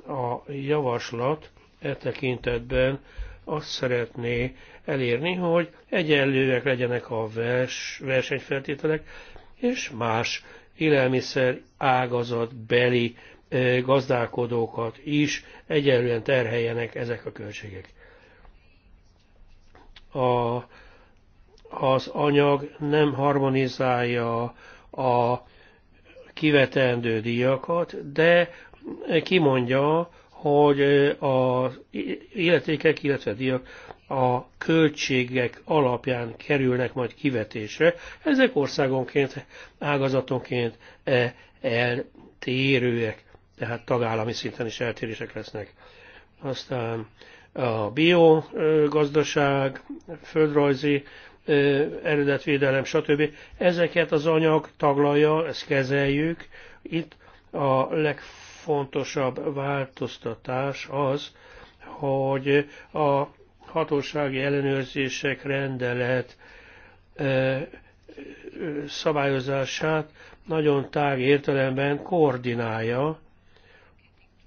a javaslat e tekintetben azt szeretné elérni, hogy egyenlőek legyenek a vers, versenyfeltételek, és más élelmiszer ágazat beli gazdálkodókat is egyenlően terheljenek ezek a költségek. A, az anyag nem harmonizálja a kivetendő díjakat, de kimondja, hogy az életékek, illetve díjak a költségek alapján kerülnek majd kivetésre. Ezek országonként, ágazatonként e, eltérőek, tehát tagállami szinten is eltérések lesznek. Aztán a biogazdaság, földrajzi e, eredetvédelem, stb. Ezeket az anyag taglalja, ezt kezeljük. Itt a legfontosabb legfontosabb változtatás az, hogy a hatósági ellenőrzések rendelet szabályozását nagyon tág értelemben koordinálja,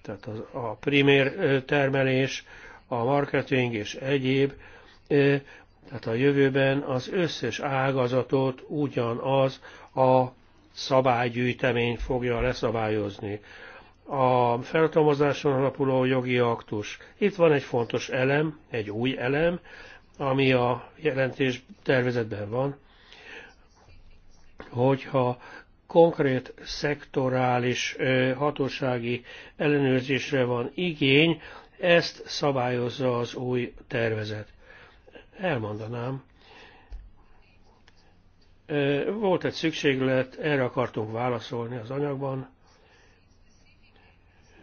tehát a primér termelés, a marketing és egyéb, tehát a jövőben az összes ágazatot ugyanaz a szabálygyűjtemény fogja leszabályozni a feltalmazáson alapuló jogi aktus. Itt van egy fontos elem, egy új elem, ami a jelentés tervezetben van, hogyha konkrét szektorális hatósági ellenőrzésre van igény, ezt szabályozza az új tervezet. Elmondanám. Volt egy szükséglet, erre akartunk válaszolni az anyagban.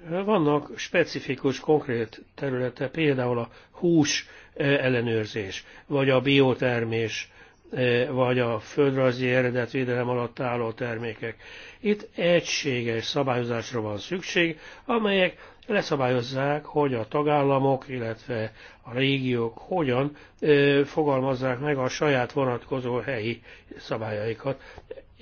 Vannak specifikus, konkrét területe, például a hús e, ellenőrzés, vagy a biotermés, e, vagy a földrajzi eredetvédelem alatt álló termékek. Itt egységes szabályozásra van szükség, amelyek leszabályozzák, hogy a tagállamok, illetve a régiók hogyan e, fogalmazzák meg a saját vonatkozó helyi szabályaikat.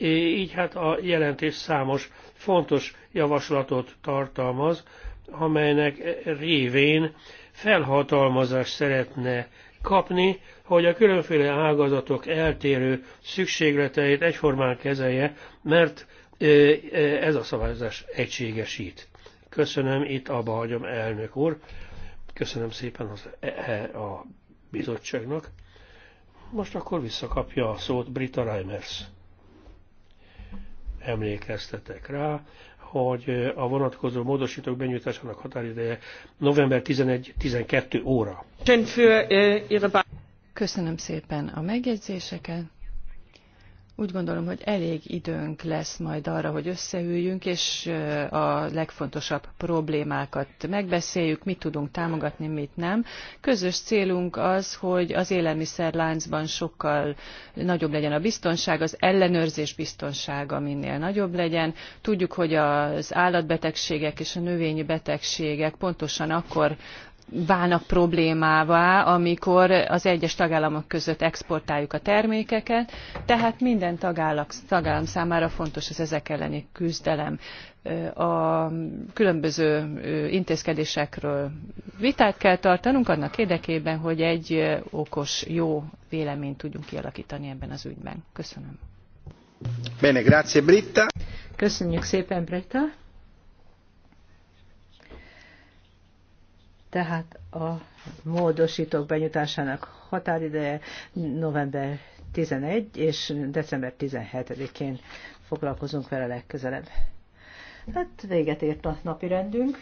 Így hát a jelentés számos fontos javaslatot tartalmaz, amelynek révén felhatalmazást szeretne kapni, hogy a különféle ágazatok eltérő szükségleteit egyformán kezelje, mert ez a szabályozás egységesít. Köszönöm, itt abba hagyom elnök úr. Köszönöm szépen az, e, e a bizottságnak. Most akkor visszakapja a szót Brita Reimers emlékeztetek rá, hogy a vonatkozó módosítók benyújtásának határideje november 11-12 óra. Äh, Köszönöm szépen a megjegyzéseket. Úgy gondolom, hogy elég időnk lesz majd arra, hogy összeüljünk, és a legfontosabb problémákat megbeszéljük, mit tudunk támogatni, mit nem. Közös célunk az, hogy az élelmiszerláncban sokkal nagyobb legyen a biztonság, az ellenőrzés biztonsága minél nagyobb legyen. Tudjuk, hogy az állatbetegségek és a növényi betegségek pontosan akkor válnak problémává, amikor az egyes tagállamok között exportáljuk a termékeket, tehát minden tagállam, tagállam számára fontos az ezek elleni küzdelem. A különböző intézkedésekről vitát kell tartanunk annak érdekében, hogy egy okos, jó véleményt tudjunk kialakítani ebben az ügyben. Köszönöm. Bene, grazie Britta. Köszönjük szépen, Britta. Tehát a módosítók benyújtásának határideje november 11 és december 17-én foglalkozunk vele legközelebb. Hát véget ért a napi rendünk.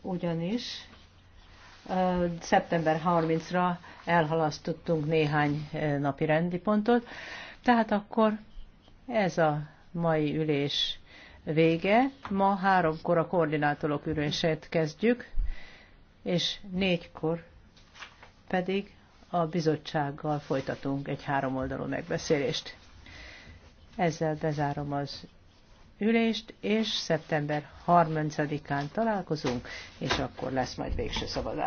Ugyanis szeptember 30-ra elhalasztottunk néhány napi rendi pontot, tehát akkor ez a mai ülés vége. Ma háromkor a koordinátorok ülését kezdjük, és négykor pedig a bizottsággal folytatunk egy háromoldalú megbeszélést. Ezzel bezárom az ülést, és szeptember 30-án találkozunk, és akkor lesz majd végső szavazás.